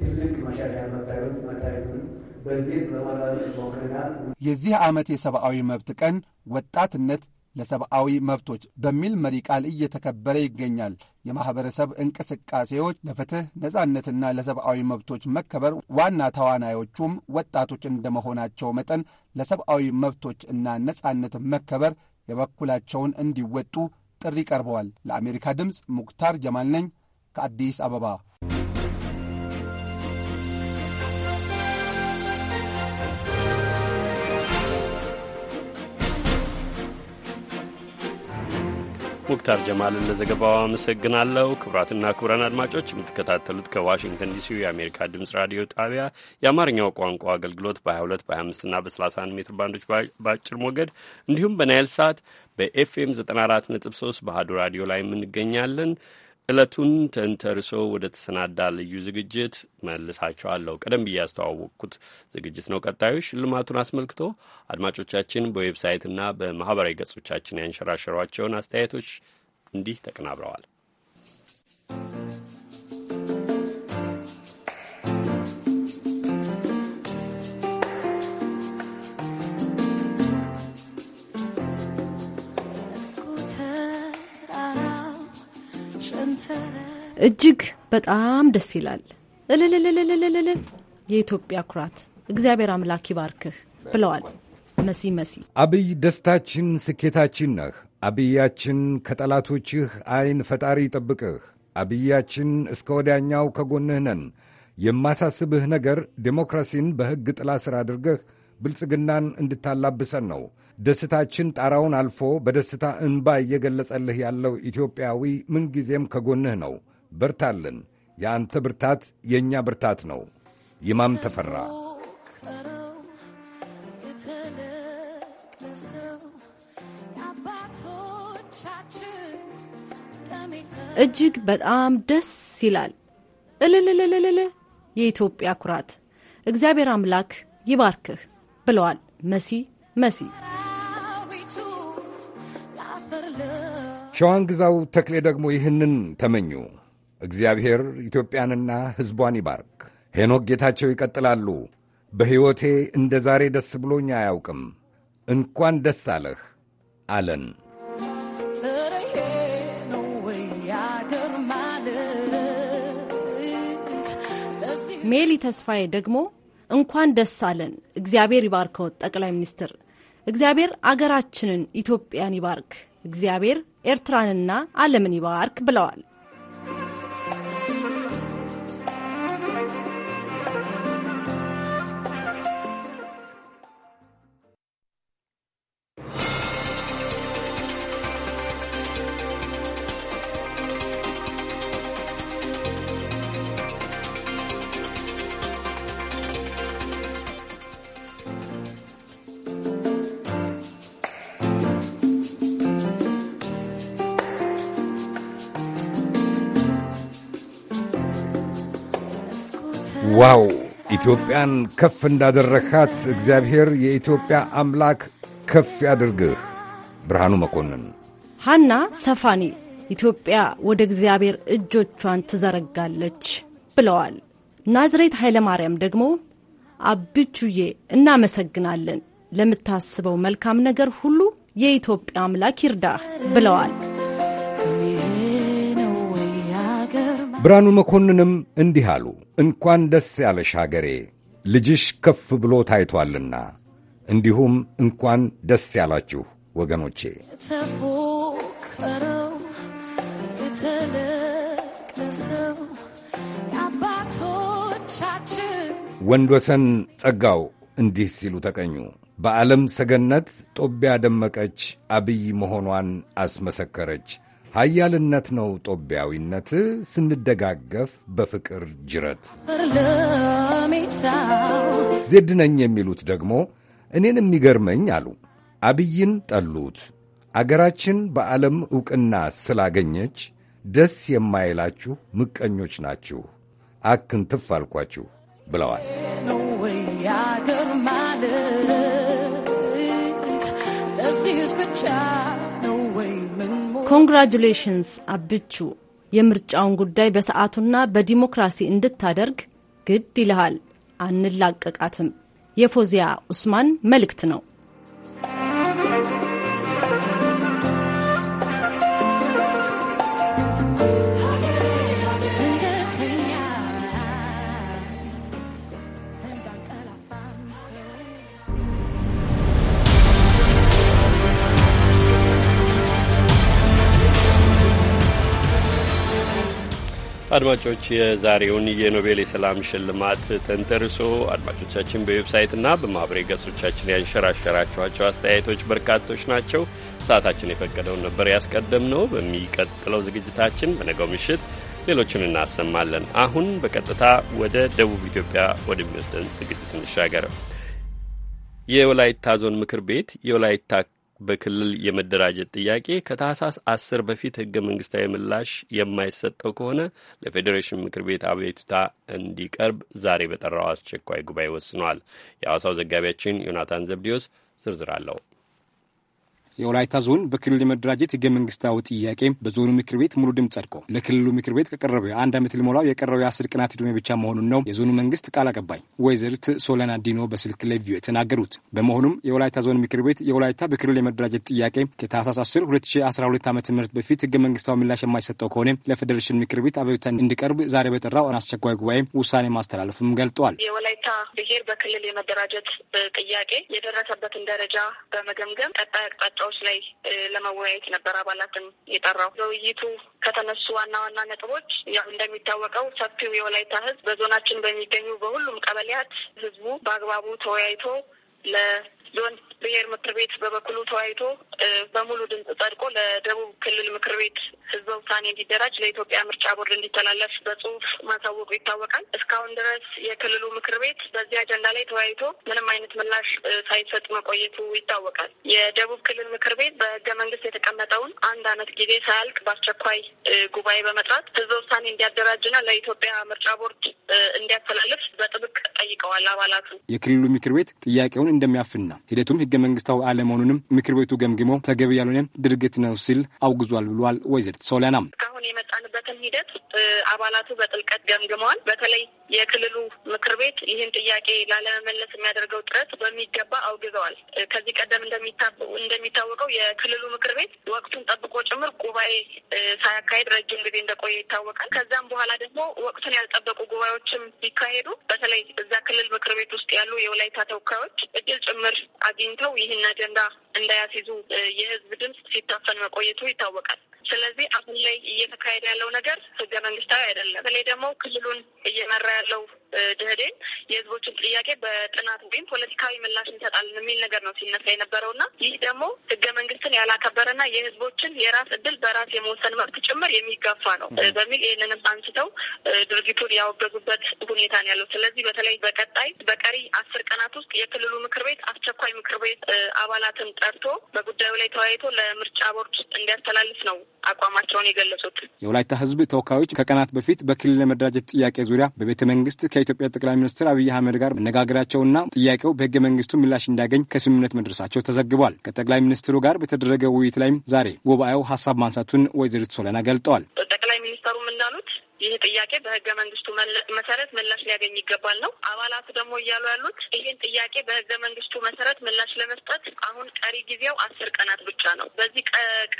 ትልቅ መሻሻል መታየት መታየቱን በዚህ በማራዘ ሞክረናል። የዚህ ዓመት የሰብአዊ መብት ቀን ወጣትነት ለሰብአዊ መብቶች በሚል መሪ ቃል እየተከበረ ይገኛል። የማኅበረሰብ እንቅስቃሴዎች ለፍትሕ ነጻነትና ለሰብአዊ መብቶች መከበር ዋና ተዋናዮቹም ወጣቶች እንደመሆናቸው መጠን ለሰብአዊ መብቶች እና ነጻነት መከበር የበኩላቸውን እንዲወጡ ጥሪ ቀርበዋል። ለአሜሪካ ድምፅ ሙክታር ጀማል ነኝ ከአዲስ አበባ ሙክታር ጀማልን ለዘገባው አመሰግናለሁ። ክቡራትና ክቡራን አድማጮች የምትከታተሉት ከዋሽንግተን ዲሲ የአሜሪካ ድምፅ ራዲዮ ጣቢያ የአማርኛው ቋንቋ አገልግሎት በ22 በ25ና በ31 ሜትር ባንዶች በአጭር ሞገድ እንዲሁም በናይል ሰዓት በኤፍኤም 94.3 በአሀዱ ራዲዮ ላይ እንገኛለን። ዕለቱን ተንተርሶ ወደ ተሰናዳ ልዩ ዝግጅት መልሳቸዋለሁ። ቀደም ብዬ ያስተዋወቅኩት ዝግጅት ነው። ቀጣዩ ሽልማቱን አስመልክቶ አድማጮቻችን በዌብሳይትና በማህበራዊ ገጾቻችን ያንሸራሸሯቸውን አስተያየቶች እንዲህ ተቀናብረዋል። እጅግ በጣም ደስ ይላል። እልልልልልልል የኢትዮጵያ ኩራት እግዚአብሔር አምላክ ይባርክህ ብለዋል መሲ መሲ። አብይ ደስታችን፣ ስኬታችን ነህ። አብያችን ከጠላቶችህ ዐይን ፈጣሪ ይጠብቅህ። አብያችን እስከ ወዲያኛው ከጎንህ ነን። የማሳስብህ ነገር ዴሞክራሲን በሕግ ጥላ ሥር አድርገህ ብልጽግናን እንድታላብሰን ነው። ደስታችን ጣራውን አልፎ በደስታ እንባ እየገለጸልህ ያለው ኢትዮጵያዊ ምንጊዜም ከጎንህ ነው። ብርታለን! የአንተ ብርታት የእኛ ብርታት ነው። ይማም ተፈራ እጅግ በጣም ደስ ይላል። እልልልልልል የኢትዮጵያ ኩራት እግዚአብሔር አምላክ ይባርክህ ብለዋል መሲ መሲ። ሸዋንግዛው ተክሌ ደግሞ ይህንን ተመኙ። እግዚአብሔር ኢትዮጵያንና ሕዝቧን ይባርክ። ሄኖክ ጌታቸው ይቀጥላሉ። በሕይወቴ እንደ ዛሬ ደስ ብሎኝ አያውቅም። እንኳን ደስ አለህ አለን። ሜሊ ተስፋዬ ደግሞ እንኳን ደስ አለን፣ እግዚአብሔር ይባርከው ጠቅላይ ሚኒስትር። እግዚአብሔር አገራችንን ኢትዮጵያን ይባርክ፣ እግዚአብሔር ኤርትራንና ዓለምን ይባርክ ብለዋል። ዋው! ኢትዮጵያን ከፍ እንዳደረግካት እግዚአብሔር የኢትዮጵያ አምላክ ከፍ ያድርግህ። ብርሃኑ መኮንን። ሐና ሰፋኔ ኢትዮጵያ ወደ እግዚአብሔር እጆቿን ትዘረጋለች ብለዋል። ናዝሬት ኃይለማርያም ደግሞ አብቹዬ እናመሰግናለን፣ ለምታስበው መልካም ነገር ሁሉ የኢትዮጵያ አምላክ ይርዳህ ብለዋል። ብርሃኑ መኮንንም እንዲህ አሉ። እንኳን ደስ ያለሽ ሀገሬ ልጅሽ ከፍ ብሎ ታይቷልና፣ እንዲሁም እንኳን ደስ ያላችሁ ወገኖቼ። የተፎከረው የተለቀሰው የአባቶቻችን ወንድወሰን ጸጋው እንዲህ ሲሉ ተቀኙ። በዓለም ሰገነት ጦቢያ ደመቀች፣ አብይ መሆኗን አስመሰከረች ኃያልነት ነው ጦቢያዊነት፣ ስንደጋገፍ በፍቅር ጅረት። ዜድ ነኝ የሚሉት ደግሞ እኔን የሚገርመኝ አሉ አብይን ጠሉት። አገራችን በዓለም ዕውቅና ስላገኘች ደስ የማይላችሁ ምቀኞች ናችሁ፣ አክንትፍ አልኳችሁ ብለዋል። አገር ማለት ለዚህ ብቻ ኮንግራጁሌሽንስ አብቹ የምርጫውን ጉዳይ በሰዓቱና በዲሞክራሲ እንድታደርግ ግድ ይልሃል። አንላቀቃትም። የፎዚያ ኡስማን መልእክት ነው። አድማጮች የዛሬውን የኖቤል የሰላም ሽልማት ተንተርሶ አድማጮቻችን በዌብሳይትና በማኅበሬ ገጾቻችን ያንሸራሸራቸኋቸው አስተያየቶች በርካቶች ናቸው። ሰዓታችን የፈቀደውን ነበር ያስቀደም ነው። በሚቀጥለው ዝግጅታችን በነገው ምሽት ሌሎችን እናሰማለን። አሁን በቀጥታ ወደ ደቡብ ኢትዮጵያ ወደሚወስደን ዝግጅት እንሻገር። የወላይታ ዞን ምክር ቤት የወላይታ በክልል የመደራጀት ጥያቄ ከታህሳስ አስር በፊት ህገ መንግስታዊ ምላሽ የማይሰጠው ከሆነ ለፌዴሬሽን ምክር ቤት አቤቱታ እንዲቀርብ ዛሬ በጠራው አስቸኳይ ጉባኤ ወስኗል። የሐዋሳው ዘጋቢያችን ዮናታን ዘብዲዮስ ዝርዝር አለው። የወላይታ ዞን በክልል የመደራጀት ህገ መንግስታዊ ጥያቄ በዞኑ ምክር ቤት ሙሉ ድምፅ ጸድቆ ለክልሉ ምክር ቤት ከቀረበ አንድ ዓመት ሊሞላው የቀረበ የአስር ቀናት ዕድሜ ብቻ መሆኑን ነው የዞኑ መንግስት ቃል አቀባይ ወይዘርት ሶለና ዲኖ በስልክ ለቪዮ የተናገሩት። በመሆኑም የወላይታ ዞን ምክር ቤት የወላይታ በክልል የመደራጀት ጥያቄ ከታህሳስ 10 2012 ዓ ም በፊት ህገ መንግስታዊ ምላሽ የማይሰጠው ከሆነ ለፌዴሬሽን ምክር ቤት አቤቱታ እንዲቀርብ ዛሬ በጠራው አስቸኳይ ጉባኤ ውሳኔ ማስተላለፉም ገልጠዋል። የወላይታ ብሔር በክልል የመደራጀት ጥያቄ የደረሰበትን ደረጃ በመገምገም ቀጣይ አቅጣጫ ጉዳዮች ላይ ለመወያየት ነበር አባላትን የጠራው። በውይይቱ ከተነሱ ዋና ዋና ነጥቦች ያው እንደሚታወቀው ሰፊው የወላይታ ህዝብ በዞናችን በሚገኙ በሁሉም ቀበሌያት ህዝቡ በአግባቡ ተወያይቶ ዞን ብሔር ምክር ቤት በበኩሉ ተወያይቶ በሙሉ ድምፅ ጸድቆ ለደቡብ ክልል ምክር ቤት ህዝበ ውሳኔ እንዲደራጅ ለኢትዮጵያ ምርጫ ቦርድ እንዲተላለፍ በጽሁፍ ማሳወቁ ይታወቃል። እስካሁን ድረስ የክልሉ ምክር ቤት በዚህ አጀንዳ ላይ ተወያይቶ ምንም አይነት ምላሽ ሳይሰጥ መቆየቱ ይታወቃል። የደቡብ ክልል ምክር ቤት በህገ መንግስት የተቀመጠውን አንድ አመት ጊዜ ሳያልቅ በአስቸኳይ ጉባኤ በመጥራት ህዝበ ውሳኔ እንዲያደራጅና ለኢትዮጵያ ምርጫ ቦርድ እንዲያስተላልፍ በጥብቅ ጠይቀዋል። አባላቱ የክልሉ ምክር ቤት ጥያቄውን እንደሚያፍና ነው። ሂደቱም ህገ መንግስታዊ አለመሆኑንም ምክር ቤቱ ገምግሞ ተገቢ ያልሆነ ድርጊት ነው ሲል አውግዟል ብሏል። ወይዘሪት ሶሊያናም እስካሁን የመጣንበትን ሂደት አባላቱ በጥልቀት ገምግመዋል። በተለይ የክልሉ ምክር ቤት ይህን ጥያቄ ላለመመለስ የሚያደርገው ጥረት በሚገባ አውግዘዋል። ከዚህ ቀደም እንደሚታወቀው የክልሉ ምክር ቤት ወቅቱን ጠብቆ ጭምር ጉባኤ ሳያካሄድ ረጅም ጊዜ እንደቆየ ይታወቃል። ከዛም በኋላ ደግሞ ወቅቱን ያልጠበቁ ጉባኤዎችም ቢካሄዱ በተለይ እዛ ክልል ምክር ቤት ውስጥ ያሉ የወላይታ ተወካዮች እድል ጭምር አግኝተው ይህን አጀንዳ እንዳያስይዙ የህዝብ ድምፅ ሲታፈን መቆየቱ ይታወቃል። ስለዚህ አሁን ላይ እየተካሄደ ያለው ነገር ህገ መንግስታዊ አይደለም። በተለይ ደግሞ ክልሉን እየመራ ያለው ድህዴን የህዝቦችን ጥያቄ በጥናት ወይም ፖለቲካዊ ምላሽ እንሰጣለን የሚል ነገር ነው ሲነሳ የነበረው እና ይህ ደግሞ ህገ መንግስትን ያላከበረና የህዝቦችን የራስ እድል በራስ የመወሰን መብት ጭምር የሚጋፋ ነው በሚል ይህንንም አንስተው ድርጊቱን ያወገዙበት ሁኔታ ነው ያለው። ስለዚህ በተለይ በቀጣይ በቀሪ አስር ቀናት ውስጥ የክልሉ ምክር ቤት አስቸኳይ ምክር ቤት አባላትን ጠርቶ በጉዳዩ ላይ ተወያይቶ ለምርጫ ቦርድ እንዲያስተላልፍ ነው አቋማቸውን የገለጹት። የወላይታ ህዝብ ተወካዮች ከቀናት በፊት በክልል ለመደራጀት ጥያቄ ዙሪያ በቤተ መንግስት ከ ከኢትዮጵያ ጠቅላይ ሚኒስትር አብይ አህመድ ጋር መነጋገራቸውና ጥያቄው በህገ መንግስቱ ምላሽ እንዳገኝ ከስምምነት መድረሳቸው ተዘግቧል። ከጠቅላይ ሚኒስትሩ ጋር በተደረገ ውይይት ላይም ዛሬ ጉባኤው ሀሳብ ማንሳቱን ወይዘሪት ሶለና ገልጠዋል። ጠቅላይ ሚኒስትሩ ይህ ጥያቄ በህገ መንግስቱ መሰረት ምላሽ ሊያገኝ ይገባል ነው። አባላቱ ደግሞ እያሉ ያሉት ይህን ጥያቄ በህገ መንግስቱ መሰረት ምላሽ ለመስጠት አሁን ቀሪ ጊዜው አስር ቀናት ብቻ ነው። በዚህ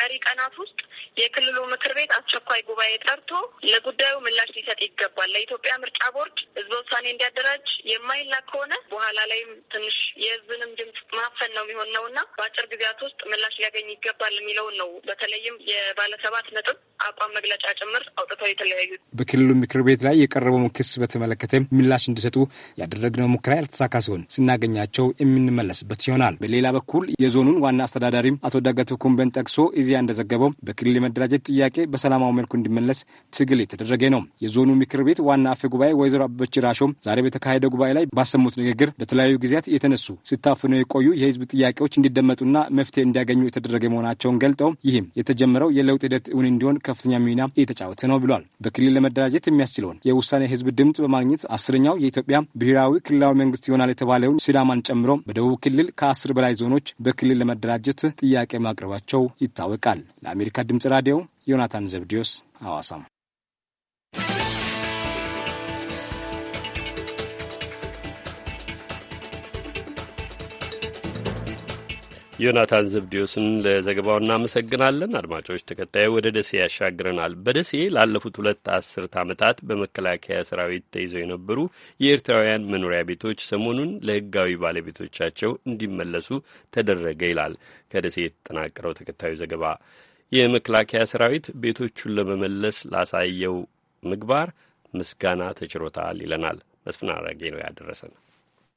ቀሪ ቀናት ውስጥ የክልሉ ምክር ቤት አስቸኳይ ጉባኤ ጠርቶ ለጉዳዩ ምላሽ ሊሰጥ ይገባል። ለኢትዮጵያ ምርጫ ቦርድ ህዝበ ውሳኔ እንዲያደራጅ የማይላክ ከሆነ በኋላ ላይም ትንሽ የህዝብንም ድምፅ ማፈን ነው የሚሆን ነው እና በአጭር ጊዜያት ውስጥ ምላሽ ሊያገኝ ይገባል የሚለውን ነው። በተለይም የባለሰባት ነጥብ አቋም መግለጫ ጭምር አውጥተው የተለያዩት በክልሉ ምክር ቤት ላይ የቀረበውን ክስ በተመለከተ ምላሽ እንዲሰጡ ያደረግነው ሙከራ ያልተሳካ ሲሆን ስናገኛቸው የምንመለስበት ይሆናል። በሌላ በኩል የዞኑን ዋና አስተዳዳሪ አቶ ዳገቱ ኩምበን ጠቅሶ እዚያ እንደዘገበው በክልል የመደራጀት ጥያቄ በሰላማዊ መልኩ እንዲመለስ ትግል የተደረገ ነው። የዞኑ ምክር ቤት ዋና አፈ ጉባኤ ወይዘሮ አበበች ራሾ ዛሬ በተካሄደ ጉባኤ ላይ ባሰሙት ንግግር በተለያዩ ጊዜያት የተነሱ ስታፍነው የቆዩ የህዝብ ጥያቄዎች እንዲደመጡና መፍትሄ እንዲያገኙ የተደረገ መሆናቸውን ገልጠው ይህም የተጀመረው የለውጥ ሂደት እውን እንዲሆን ከፍተኛ ሚና እየተጫወተ ነው ብሏል። በክልል ለመደራጀት የሚያስችለውን የውሳኔ ህዝብ ድምፅ በማግኘት አስረኛው የኢትዮጵያ ብሔራዊ ክልላዊ መንግስት ይሆናል የተባለውን ሲዳማን ጨምሮ በደቡብ ክልል ከአስር በላይ ዞኖች በክልል ለመደራጀት ጥያቄ ማቅረባቸው ይታወቃል። ለአሜሪካ ድምፅ ራዲዮ ዮናታን ዘብዲዮስ አዋሳም ዮናታን ዘብዲዮስን ለዘገባው እናመሰግናለን። አድማጮች፣ ተከታዩ ወደ ደሴ ያሻግረናል። በደሴ ላለፉት ሁለት አስርት ዓመታት በመከላከያ ሰራዊት ተይዘው የነበሩ የኤርትራውያን መኖሪያ ቤቶች ሰሞኑን ለሕጋዊ ባለቤቶቻቸው እንዲመለሱ ተደረገ ይላል ከደሴ የተጠናቀረው ተከታዩ ዘገባ። የመከላከያ ሰራዊት ቤቶቹን ለመመለስ ላሳየው ምግባር ምስጋና ተችሮታል ይለናል። መስፍን አራጌ ነው ያደረሰን።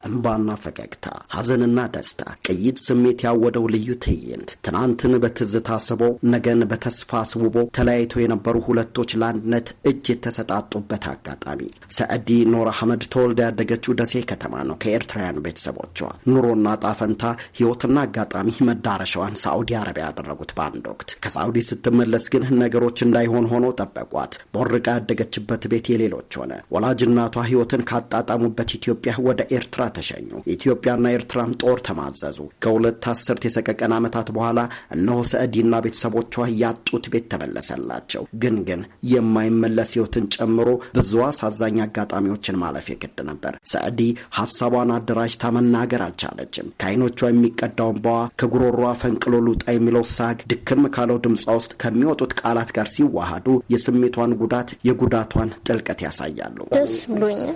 እምባና ፈገግታ፣ ሐዘንና ደስታ፣ ቅይጥ ስሜት ያወደው ልዩ ትዕይንት ትናንትን በትዝታ ስቦ ነገን በተስፋ አስውቦ ተለያይተው የነበሩ ሁለቶች ለአንድነት እጅ የተሰጣጡበት አጋጣሚ። ሰዕዲ ኖር አህመድ ተወልደ ያደገችው ደሴ ከተማ ነው። ከኤርትራውያን ቤተሰቦቿ ኑሮና ጣፈንታ፣ ሕይወትና አጋጣሚ መዳረሻዋን ሳዑዲ አረቢያ ያደረጉት በአንድ ወቅት ከሳዑዲ ስትመለስ ግን ነገሮች እንዳይሆን ሆኖ ጠበቋት። ቦርቃ ያደገችበት ቤት የሌሎች ሆነ። ወላጅ እናቷ ሕይወትን ካጣጣሙበት ኢትዮጵያ ወደ ኤርትራ ተሸኙ። ኢትዮጵያና ኤርትራም ጦር ተማዘዙ። ከሁለት አስርት የሰቀቀን ዓመታት በኋላ እነሆ ሰዕዲና ቤተሰቦቿ ያጡት ቤት ተመለሰላቸው። ግን ግን የማይመለስ ህይወትን ጨምሮ ብዙ አሳዛኝ አጋጣሚዎችን ማለፍ የግድ ነበር። ሰዕዲ ሀሳቧን አደራጅታ መናገር አልቻለችም። ከአይኖቿ የሚቀዳው በዋ ከጉሮሯ ፈንቅሎ ልውጣ የሚለው ሳግ ድክም ካለው ድምጿ ውስጥ ከሚወጡት ቃላት ጋር ሲዋሃዱ የስሜቷን ጉዳት የጉዳቷን ጥልቀት ያሳያሉ። ደስ ብሎኛል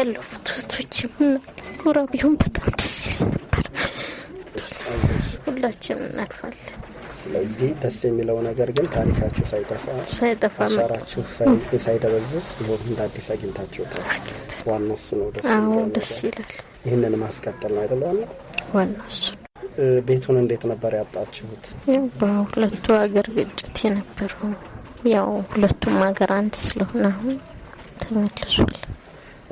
ያለው ፎቶቶች ኑራ ቢሆን በጣም ደስ ነበር። ሁላችን እናልፋለን። ስለዚህ ደስ የሚለው ነገር ግን ታሪካችሁ ሳይጠፋ ሳይጠፋ አሻራችሁ ሳይደበዝዝ ይሁን እንደ አዲስ አግኝታችሁ ዋናው እሱ ነው። ደስ ደስ ይላል። ይህንን ማስቀጠል ነው አይደለ? ዋና ዋናው እሱ ቤቱን እንዴት ነበር ያጣችሁት? በሁለቱ ሀገር ግጭት የነበረው ያው ሁለቱም ሀገር አንድ ስለሆነ አሁን ተመልሷል።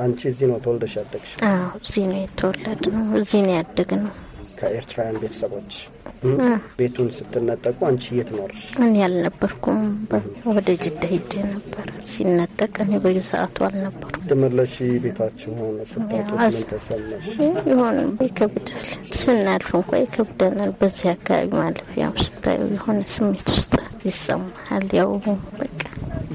አንቺ እዚህ ነው ተወልደሽ ያደግሽ? አዎ እዚህ ነው የተወለድ ነው እዚህ ነው ያደግ ነው። ከኤርትራውያን ቤተሰቦች ቤቱን ስትነጠቁ አንቺ የት ኖርሽ? እኔ አልነበርኩም። ወደ ጅዳ ሄጄ ነበር ሲነጠቅ፣ እኔ በየሰዓቱ አልነበርኩም። ትመለሺ ቤታችሁን ስታጡት ተሰማሽ? የሆነ ይከብዳል። ስናልፍ እንኳ ይከብደናል። በዚህ አካባቢ ማለፍ ያው ስታዩ የሆነ ስሜት ውስጥ ይሰማል። ያው በቃ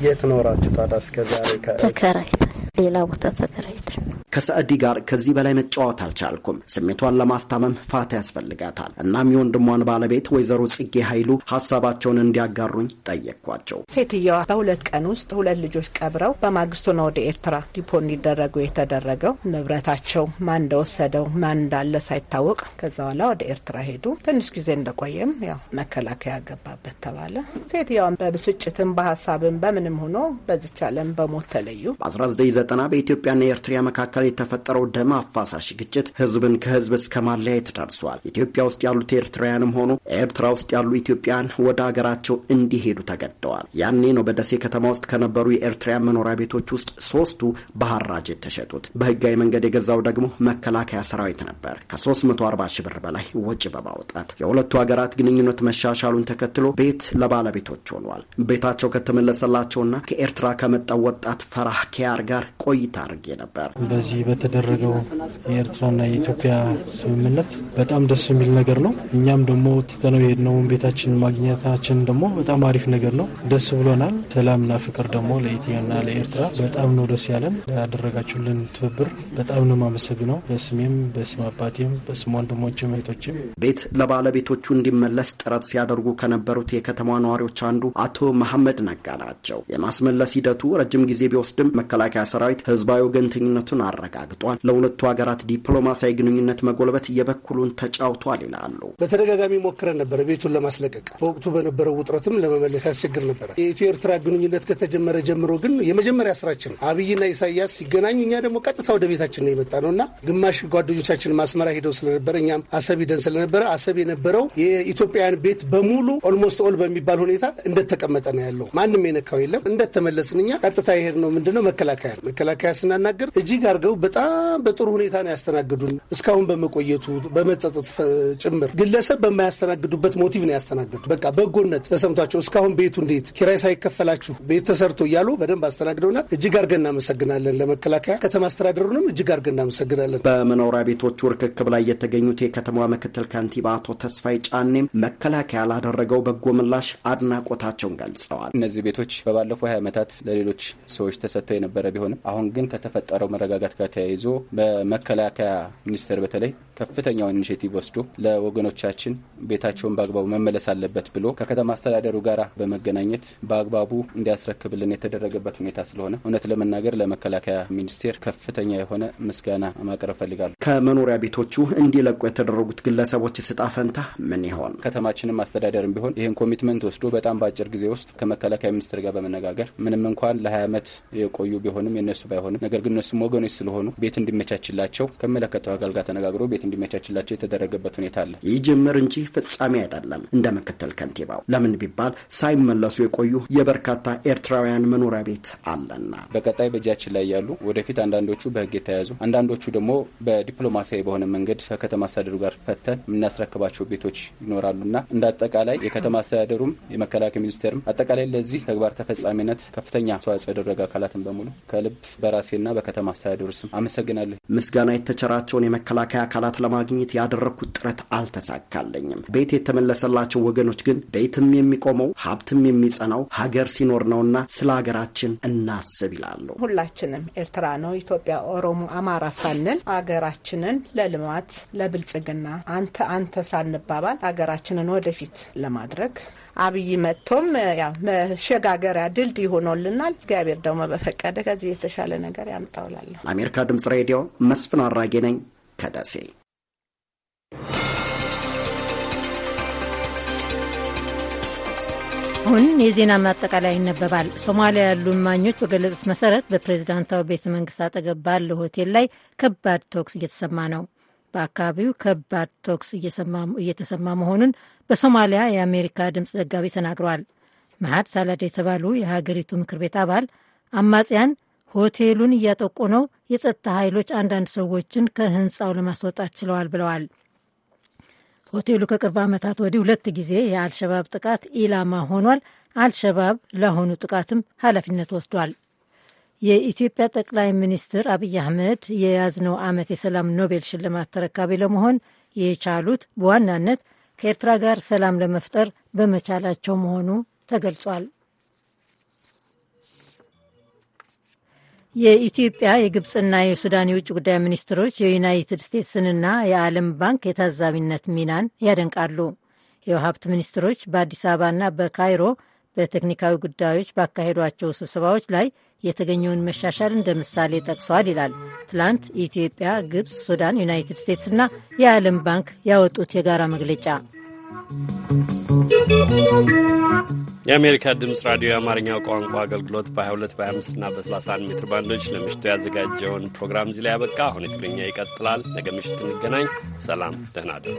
የት ኖራችሁ ታዲያ ዛሬ ተከራይተን ሌላ ቦታ ተከራይተን ከሰዕዲ ጋር ከዚህ በላይ መጫወት አልቻልኩም። ስሜቷን ለማስታመም ፋታ ያስፈልጋታል። እናም የወንድ የወንድሟን ባለቤት ወይዘሮ ጽጌ ኃይሉ ሀሳባቸውን እንዲያጋሩኝ ጠየቅኳቸው። ሴትየዋ በሁለት ቀን ውስጥ ሁለት ልጆች ቀብረው በማግስቱ ነው ወደ ኤርትራ ዲፖ እንዲደረጉ የተደረገው። ንብረታቸው ማን እንደወሰደው ማን እንዳለ ሳይታወቅ ከዛ በኋላ ወደ ኤርትራ ሄዱ። ትንሽ ጊዜ እንደቆየም ያው መከላከያ ገባበት ተባለ። ሴትየዋን በብስጭትም በሀሳብም በምንም ሆኖ በዚች ዓለም በሞት ተለዩ። በ1990 በኢትዮጵያና ኤርትራ መካከል የተፈጠረው ደም አፋሳሽ ግጭት ህዝብን ከህዝብ እስከ ማለያየት ደርሷል። ኢትዮጵያ ውስጥ ያሉት ኤርትራ ኤርትራውያንም ሆኑ ኤርትራ ውስጥ ያሉ ኢትዮጵያን ወደ ሀገራቸው እንዲሄዱ ተገደዋል። ያኔ ነው በደሴ ከተማ ውስጥ ከነበሩ የኤርትራውያን መኖሪያ ቤቶች ውስጥ ሶስቱ በሐራጅ የተሸጡት። በህጋዊ መንገድ የገዛው ደግሞ መከላከያ ሰራዊት ነበር ከ340 ሺ ብር በላይ ወጪ በማውጣት የሁለቱ ሀገራት ግንኙነት መሻሻሉን ተከትሎ ቤት ለባለቤቶች ሆኗል። ቤታቸው ከተመለሰላቸውና ከኤርትራ ከመጣው ወጣት ፈራህ ኪያር ጋር ቆይታ አድርጌ ነበር። በዚህ በተደረገው የኤርትራና የኢትዮጵያ ስምምነት በጣም ደስ የሚል ነገር ነው። እኛ እኛም ደግሞ ትተነው የሄድነውን ቤታችን ማግኘታችን ደግሞ በጣም አሪፍ ነገር ነው። ደስ ብሎናል። ሰላምና ፍቅር ደግሞ ለኢትዮና ለኤርትራ በጣም ነው ደስ ያለን። ያደረጋችሁልን ትብብር በጣም ነው የማመሰግነው። በስሜም በስም አባቴም በስም ወንድሞችም እህቶችም። ቤት ለባለቤቶቹ እንዲመለስ ጥረት ሲያደርጉ ከነበሩት የከተማ ነዋሪዎች አንዱ አቶ መሐመድ ነጋ ናቸው። የማስመለስ ሂደቱ ረጅም ጊዜ ቢወስድም መከላከያ ሰራዊት ህዝባዊ ወገንተኝነቱን አረጋግጧል፣ ለሁለቱ ሀገራት ዲፕሎማሲያዊ ግንኙነት መጎልበት የበኩሉን ተጫውቷል ይላሉ። በተደጋጋሚ ሞክረን ነበረ ቤቱን ለማስለቀቅ በወቅቱ በነበረው ውጥረትም ለመመለስ ያስቸግር ነበረ። የኢትዮ ኤርትራ ግንኙነት ከተጀመረ ጀምሮ ግን የመጀመሪያ ስራችን አብይና ኢሳያስ ሲገናኙ እኛ ደግሞ ቀጥታ ወደ ቤታችን ነው የመጣ ነው እና ግማሽ ጓደኞቻችን አስመራ ሄደው ስለነበረ እኛም አሰብ ሂደን ስለነበረ አሰብ የነበረው የኢትዮጵያን ቤት በሙሉ ኦልሞስት ኦል በሚባል ሁኔታ እንደተቀመጠ ነው ያለው። ማንም የነካው የለም። እንደተመለስን እኛ ቀጥታ ነው ምንድነው መከላከያ መከላከያ ስናናገር እጅግ አድርገው በጣም በጥሩ ሁኔታ ነው ያስተናግዱን። እስካሁን በመቆየቱ በመጸጠት ጭምር ግለሰብ ቤተሰብ በማያስተናግዱበት ሞቲቭ ነው ያስተናገዱት። በቃ በጎነት ተሰምቷቸው እስካሁን ቤቱ እንዴት ኪራይ ሳይከፈላችሁ ቤት ተሰርቶ እያሉ በደንብ አስተናግደውናል። እጅግ አድርገን እናመሰግናለን። ለመከላከያ ከተማ አስተዳደሩንም እጅግ አድርገን እናመሰግናለን። በመኖሪያ ቤቶቹ ርክክብ ላይ የተገኙት የከተማዋ ምክትል ከንቲባ አቶ ተስፋይ ጫኔም መከላከያ ላደረገው በጎ ምላሽ አድናቆታቸውን ገልጸዋል። እነዚህ ቤቶች በባለፈው ሀያ ዓመታት ለሌሎች ሰዎች ተሰጥተው የነበረ ቢሆንም አሁን ግን ከተፈጠረው መረጋጋት ጋር ተያይዞ በመከላከያ ሚኒስቴር በተለይ ከፍተኛውን ኢኒሽቲቭ ወስዶ ለወገኖቻችን ተማሪዎቻችን ቤታቸውን በአግባቡ መመለስ አለበት ብሎ ከከተማ አስተዳደሩ ጋር በመገናኘት በአግባቡ እንዲያስረክብልን የተደረገበት ሁኔታ ስለሆነ እውነት ለመናገር ለመከላከያ ሚኒስቴር ከፍተኛ የሆነ ምስጋና ማቅረብ ፈልጋሉ። ከመኖሪያ ቤቶቹ እንዲለቁ የተደረጉት ግለሰቦች ስጣ ፈንታ ምን ይሆን? ከተማችንም አስተዳደርም ቢሆን ይህን ኮሚትመንት ወስዶ በጣም በአጭር ጊዜ ውስጥ ከመከላከያ ሚኒስቴር ጋር በመነጋገር ምንም እንኳን ለ20 ዓመት የቆዩ ቢሆንም የነሱ ባይሆንም ነገር ግን እነሱም ወገኖች ስለሆኑ ቤት እንዲመቻችላቸው ከመለከተው አካል ጋር ተነጋግሮ ቤት እንዲመቻችላቸው የተደረገበት ሁኔታ አለ። ይህ ጅምር መጀመር እንጂ ፍጻሜ አይደለም። እንደ ምክትል ከንቲባው ለምን ቢባል ሳይመለሱ የቆዩ የበርካታ ኤርትራውያን መኖሪያ ቤት አለና በቀጣይ በእጃችን ላይ ያሉ ወደፊት አንዳንዶቹ በህግ የተያዙ አንዳንዶቹ ደግሞ በዲፕሎማሲያዊ በሆነ መንገድ ከከተማ አስተዳደሩ ጋር ፈተን የምናስረክባቸው ቤቶች ይኖራሉና እንደ አጠቃላይ የከተማ አስተዳደሩም የመከላከያ ሚኒስቴርም አጠቃላይ ለዚህ ተግባር ተፈጻሚነት ከፍተኛ አስተዋጽኦ ያደረገ አካላትን በሙሉ ከልብ በራሴና በከተማ አስተዳደሩ ስም አመሰግናለሁ። ምስጋና የተቸራቸውን የመከላከያ አካላት ለማግኘት ያደረግኩት ጥረት አልተሳካል። አለኝም። ቤት የተመለሰላቸው ወገኖች ግን ቤትም የሚቆመው ሀብትም የሚጸናው ሀገር ሲኖር ነውና ስለ ሀገራችን እናስብ ይላሉ። ሁላችንም ኤርትራ ነው፣ ኢትዮጵያ፣ ኦሮሞ፣ አማራ ሳንል ሀገራችንን ለልማት ለብልጽግና አንተ አንተ ሳንባባል ሀገራችንን ወደፊት ለማድረግ አብይ መጥቶም ያው መሸጋገሪያ ድልድይ ሆኖልናል። እግዚአብሔር ደግሞ በፈቀደ ከዚህ የተሻለ ነገር ያምጣውላለሁ። ለአሜሪካ ድምጽ ሬዲዮ መስፍን አራጌ ነኝ ከደሴ አሁን የዜና ማጠቃለያ ይነበባል። ሶማሊያ ያሉ እማኞች በገለጹት መሰረት በፕሬዚዳንታዊ ቤተ መንግስት አጠገብ ባለው ሆቴል ላይ ከባድ ተኩስ እየተሰማ ነው። በአካባቢው ከባድ ተኩስ እየተሰማ መሆኑን በሶማሊያ የአሜሪካ ድምፅ ዘጋቢ ተናግረዋል። መሀድ ሳላድ የተባሉ የሀገሪቱ ምክር ቤት አባል አማጽያን ሆቴሉን እያጠቁ ነው፣ የጸጥታ ኃይሎች አንዳንድ ሰዎችን ከህንፃው ለማስወጣት ችለዋል ብለዋል። ሆቴሉ ከቅርብ ዓመታት ወዲህ ሁለት ጊዜ የአልሸባብ ጥቃት ኢላማ ሆኗል። አልሸባብ ለአሁኑ ጥቃትም ኃላፊነት ወስዷል። የኢትዮጵያ ጠቅላይ ሚኒስትር አብይ አህመድ የያዝነው ዓመት የሰላም ኖቤል ሽልማት ተረካቢ ለመሆን የቻሉት በዋናነት ከኤርትራ ጋር ሰላም ለመፍጠር በመቻላቸው መሆኑ ተገልጿል። የኢትዮጵያ የግብፅና የሱዳን የውጭ ጉዳይ ሚኒስትሮች የዩናይትድ ስቴትስንና የዓለም ባንክ የታዛቢነት ሚናን ያደንቃሉ። የውሀብት ሚኒስትሮች በአዲስ አበባና በካይሮ በቴክኒካዊ ጉዳዮች ባካሄዷቸው ስብሰባዎች ላይ የተገኘውን መሻሻል እንደ ምሳሌ ጠቅሰዋል ይላል ትላንት ኢትዮጵያ፣ ግብፅ፣ ሱዳን፣ ዩናይትድ ስቴትስና የዓለም ባንክ ያወጡት የጋራ መግለጫ። የአሜሪካ ድምፅ ራዲዮ የአማርኛው ቋንቋ አገልግሎት በ22 በ25 እና በ31 ሜትር ባንዶች ለምሽቱ ያዘጋጀውን ፕሮግራም እዚህ ላይ ያበቃ። አሁን የትግርኛ ይቀጥላል። ነገ ምሽት እንገናኝ። ሰላም፣ ደህና ደሩ።